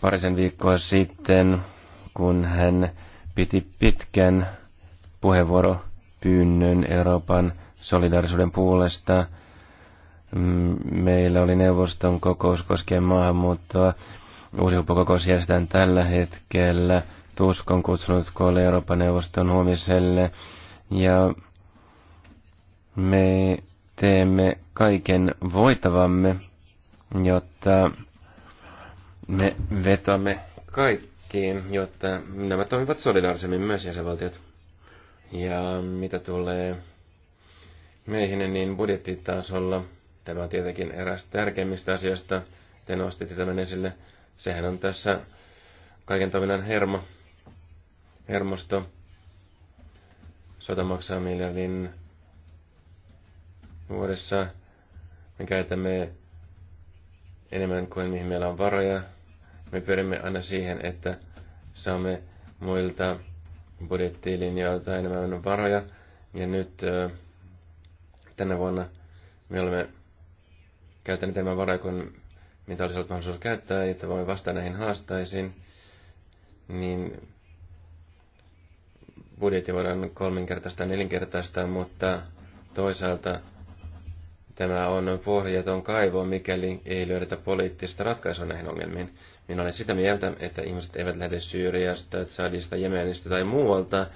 parisen viikkoa sitten, kun hän piti pitkän puheenvuoropyynnön Euroopan solidaarisuuden puolesta. Mm, meillä oli neuvoston kokous koskien maahanmuuttoa. Uusi huippukokous järjestetään tällä hetkellä. Tusk on kutsunut koolle Euroopan neuvoston huomiselle ja me teemme kaiken voitavamme, jotta me vetämme kaikkiin, jotta nämä toimivat solidaarisemmin myös jäsenvaltiot. Ja mitä tulee meihin, niin budjettitasolla tämä on tietenkin eräs tärkeimmistä asioista. Te nostitte tämän esille. Sehän on tässä kaiken toiminnan hermo, hermosto sota maksaa miljardin vuodessa. Me käytämme enemmän kuin mihin meillä on varoja. Me pyrimme aina siihen, että saamme muilta budjettilinjoilta enemmän varoja. Ja nyt tänä vuonna me olemme käyttäneet enemmän varoja kuin mitä olisi ollut mahdollisuus käyttää, että voimme vastata näihin haastaisiin. Niin budjetti voidaan ja nelinkertaista, mutta toisaalta tämä on pohjaton kaivo, mikäli ei löydetä poliittista ratkaisua näihin ongelmiin. Minä olen sitä mieltä, että ihmiset eivät lähde Syyriasta, Tsadista, Jemenistä tai muualta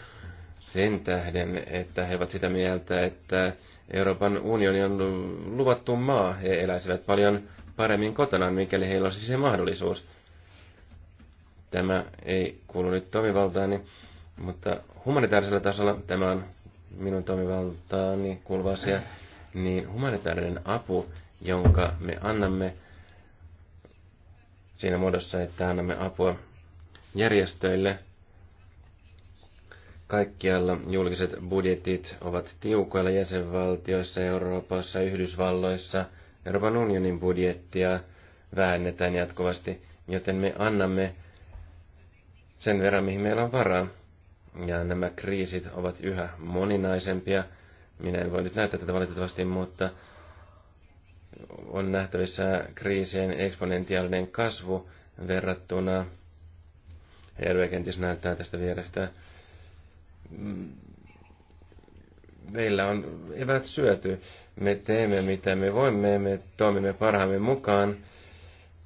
sen tähden, että he ovat sitä mieltä, että Euroopan unioni on luvattu maa. He eläisivät paljon paremmin kotonaan, mikäli heillä olisi se mahdollisuus. Tämä ei kuulu nyt toimivaltaani. Niin mutta humanitaarisella tasolla tämä on minun toimivaltaani kuuluva asia, niin humanitaarinen apu, jonka me annamme siinä muodossa, että annamme apua järjestöille, Kaikkialla julkiset budjetit ovat tiukoilla jäsenvaltioissa, Euroopassa, Yhdysvalloissa. Euroopan unionin budjettia vähennetään jatkuvasti, joten me annamme sen verran, mihin meillä on varaa. Ja nämä kriisit ovat yhä moninaisempia. Minä en voi nyt näyttää tätä valitettavasti, mutta on nähtävissä kriisien eksponentiaalinen kasvu verrattuna. Järve kenties näyttää tästä vierestä. Meillä on evät syöty. Me teemme mitä me voimme, me toimimme parhaamme mukaan.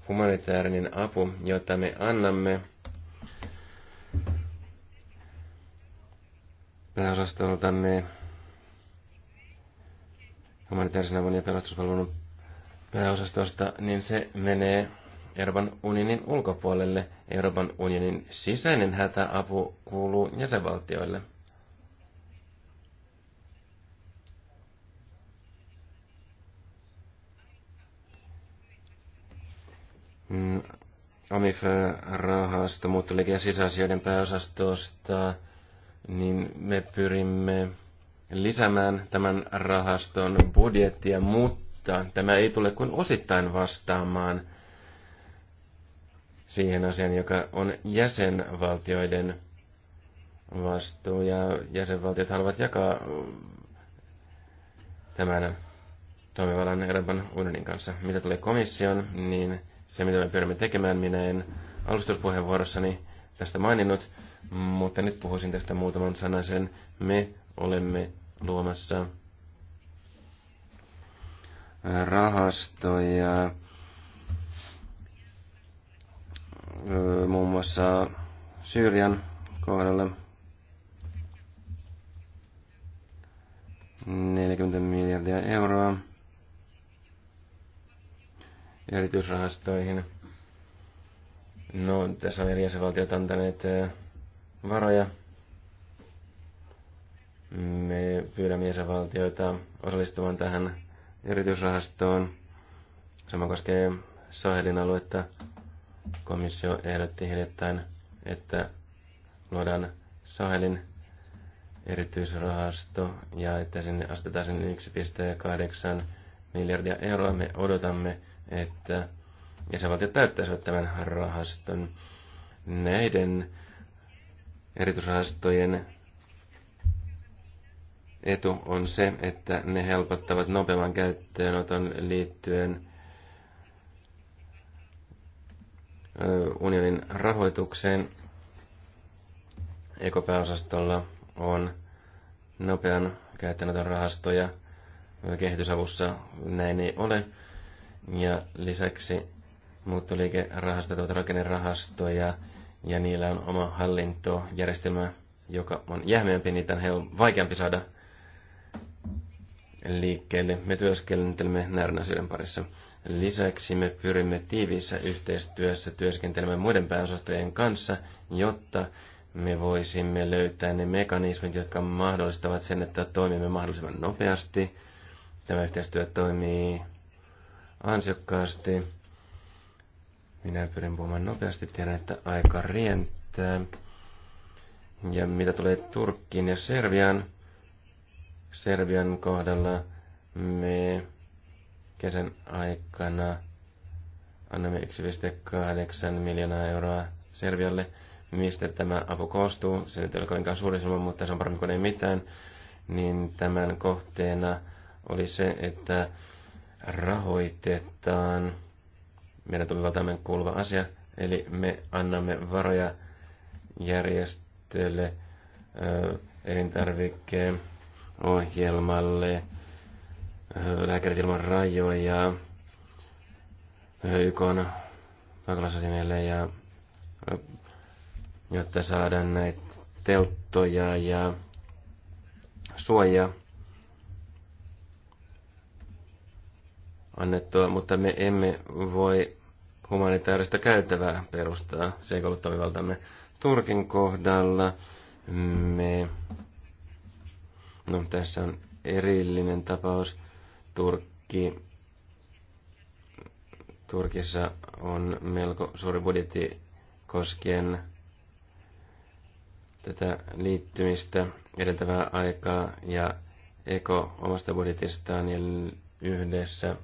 Humanitaarinen apu, jota me annamme, niin humanitaarisen avun ja pelastuspalvelun pääosastosta, niin se menee Euroopan unionin ulkopuolelle. Euroopan unionin sisäinen hätäapu kuuluu jäsenvaltioille. Mm, OMIF-rahasto muuttoliike- ja sisäasioiden pääosastosta niin me pyrimme lisäämään tämän rahaston budjettia, mutta tämä ei tule kuin osittain vastaamaan siihen asiaan, joka on jäsenvaltioiden vastuu, ja jäsenvaltiot haluavat jakaa tämän toimivallan Euroopan unionin kanssa. Mitä tulee komission, niin se mitä me pyrimme tekemään, minä en alustuspuheenvuorossani tästä maininnut, mutta nyt puhuisin tästä muutaman sanan sen. Me olemme luomassa äh, rahastoja, äh, muun muassa Syyrian kohdalla 40 miljardia euroa erityisrahastoihin – No, tässä on eri jäsenvaltiot antaneet varoja. Me pyydämme jäsenvaltioita osallistumaan tähän erityisrahastoon. Sama koskee Sahelin aluetta. Komissio ehdotti hiljattain, että luodaan Sahelin erityisrahasto ja että sinne astetaan sen 1,8 miljardia euroa. Me odotamme, että jäsenvaltiot täyttäisivät tämän rahaston. Näiden erityisrahastojen etu on se, että ne helpottavat nopeamman käyttöönoton liittyen unionin rahoitukseen. Ekopääosastolla on nopean käyttöönoton rahastoja kehitysavussa näin ei ole. Ja lisäksi tuota rakennerahasto ja, ja niillä on oma hallintojärjestelmä, joka on jähmeämpi, niin tämän on vaikeampi saada liikkeelle. Me työskentelemme näiden asioiden parissa. Lisäksi me pyrimme tiiviissä yhteistyössä työskentelemään muiden pääosastojen kanssa, jotta me voisimme löytää ne mekanismit, jotka mahdollistavat sen, että toimimme mahdollisimman nopeasti. Tämä yhteistyö toimii ansiokkaasti. Minä pyrin puhumaan nopeasti, tiedän, että aika rientää. Ja mitä tulee Turkkiin ja Serbian, Serbian kohdalla me kesän aikana annamme 1,8 miljoonaa euroa Serbialle. Mistä tämä apu koostuu? Se ei ole kovinkaan suuri summa, mutta se on parempi kuin ei mitään. Niin tämän kohteena oli se, että rahoitetaan meidän toimivaltaamme kuuluva asia, eli me annamme varoja järjestölle, elintarvikkeen ohjelmalle, lääkärit ilman rajoja, YK pakolaisasimielle ja jotta saadaan näitä telttoja ja suojaa annettua, mutta me emme voi humanitaarista käytävää perustaa seikouluttamivaltamme Turkin kohdalla. Me, no tässä on erillinen tapaus. Turkki, Turkissa on melko suuri budjetti koskien tätä liittymistä edeltävää aikaa ja Eko omasta budjetistaan ja yhdessä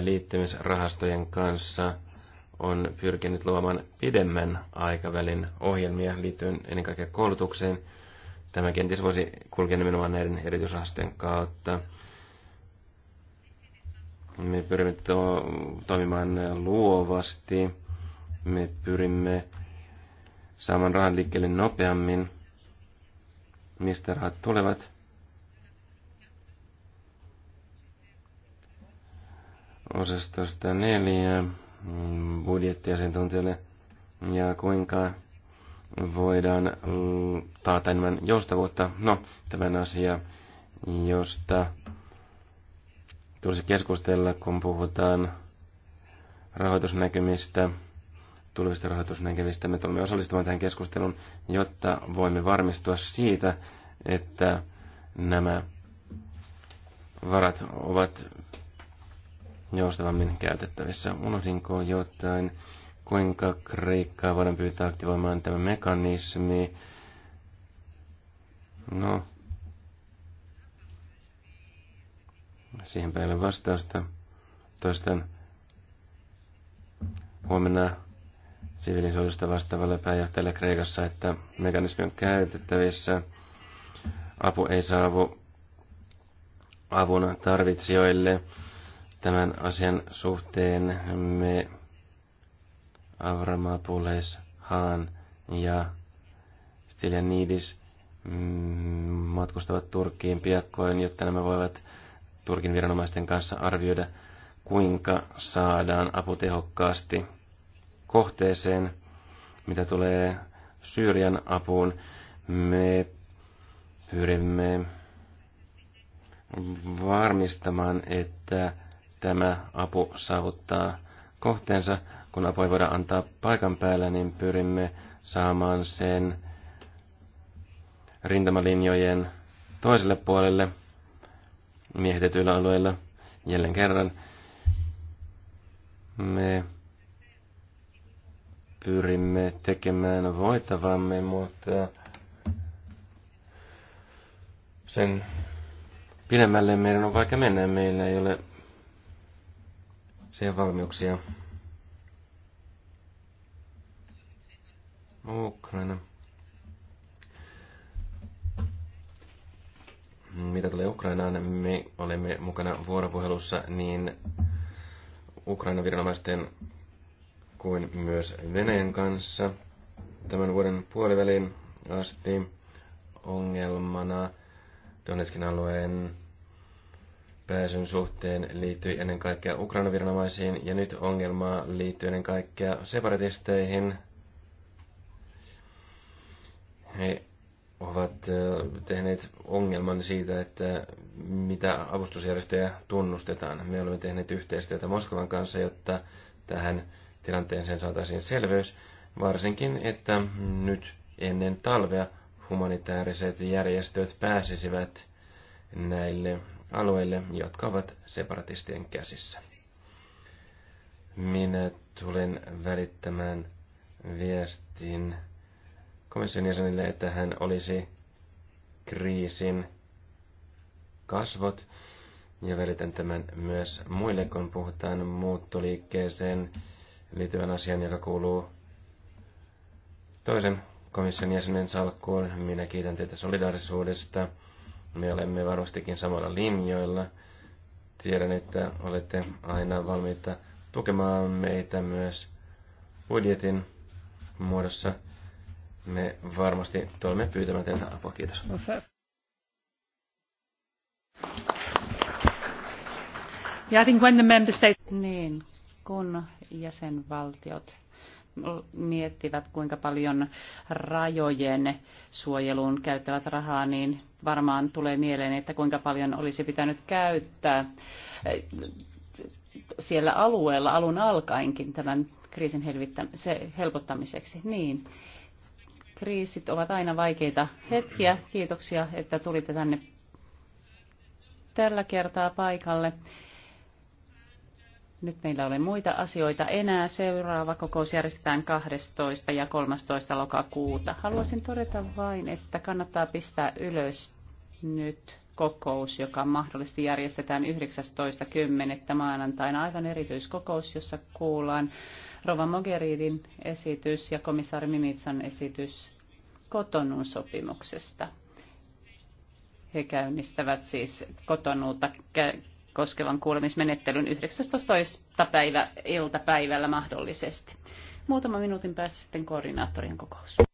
liittymisrahastojen kanssa on pyrkinyt luomaan pidemmän aikavälin ohjelmia liittyen ennen kaikkea koulutukseen. Tämä kenties voisi kulkea nimenomaan näiden erityisrahastojen kautta. Me pyrimme to- toimimaan luovasti. Me pyrimme saamaan rahan liikkeelle nopeammin, mistä rahat tulevat. osastosta neljä mm, budjettiasiantuntijalle ja kuinka voidaan mm, taata enemmän joustavuutta. No, tämän asia, josta tulisi keskustella, kun puhutaan rahoitusnäkymistä, tulevista rahoitusnäkymistä. Me tulemme osallistumaan tähän keskusteluun, jotta voimme varmistua siitä, että nämä varat ovat joustavammin käytettävissä. Unohdinko jotain, kuinka Kreikkaa voidaan pyytää aktivoimaan tämä mekanismi? No, siihen päivän vastausta. Toistan huomenna sivilisoidusta vastaavalle pääjohtajalle Kreikassa, että mekanismi on käytettävissä. Apu ei saavu avun tarvitsijoille. Tämän asian suhteen me Avramapules, Haan ja Stylianidis mm, matkustavat Turkkiin piakkoin, jotta nämä voivat Turkin viranomaisten kanssa arvioida, kuinka saadaan apu tehokkaasti kohteeseen, mitä tulee Syyrian apuun. Me pyrimme varmistamaan, että tämä apu saavuttaa kohteensa. Kun apu ei voida antaa paikan päällä, niin pyrimme saamaan sen rintamalinjojen toiselle puolelle miehitetyillä alueilla jälleen kerran. Me pyrimme tekemään voitavamme, mutta sen pidemmälle meidän on vaikka mennä. Meillä ei ole siihen valmiuksia. Ukraina. Mitä tulee Ukrainaan, me olemme mukana vuoropuhelussa niin Ukrainan viranomaisten kuin myös Venäjän kanssa. Tämän vuoden puolivälin asti ongelmana Donetskin alueen pääsyn suhteen liittyi ennen kaikkea Ukraina-viranomaisiin ja nyt ongelmaa liittyy ennen kaikkea separatisteihin. He ovat tehneet ongelman siitä, että mitä avustusjärjestöjä tunnustetaan. Me olemme tehneet yhteistyötä Moskovan kanssa, jotta tähän tilanteeseen saataisiin selvyys, varsinkin että nyt ennen talvea humanitaariset järjestöt pääsisivät näille alueille, jotka ovat separatistien käsissä. Minä tulen välittämään viestin komission jäsenille, että hän olisi kriisin kasvot ja välitän tämän myös muille, kun puhutaan muuttoliikkeeseen liittyvän asian, joka kuuluu toisen komission jäsenen salkkuun. Minä kiitän teitä solidaarisuudesta me olemme varmastikin samalla linjoilla. Tiedän, että olette aina valmiita tukemaan meitä myös budjetin muodossa. Me varmasti tulemme pyytämään teiltä apua. Kiitos. Yeah, I think when the member states... Niin, kun jäsenvaltiot miettivät, kuinka paljon rajojen suojeluun käyttävät rahaa, niin varmaan tulee mieleen, että kuinka paljon olisi pitänyt käyttää eh, siellä alueella alun alkainkin tämän kriisin se helpottamiseksi. Niin. Kriisit ovat aina vaikeita hetkiä. Kiitoksia, että tulitte tänne tällä kertaa paikalle. Nyt meillä ole muita asioita enää. Seuraava kokous järjestetään 12. ja 13. lokakuuta. Haluaisin todeta vain, että kannattaa pistää ylös nyt kokous, joka mahdollisesti järjestetään 19.10. maanantaina. Aivan erityiskokous, jossa kuullaan Rova Mogheridin esitys ja komissaari Mimitsan esitys kotonun sopimuksesta. He käynnistävät siis kotonuuta koskevan kuulemismenettelyn 19. päivä iltapäivällä mahdollisesti. Muutama minuutin päästä sitten koordinaattorin kokous.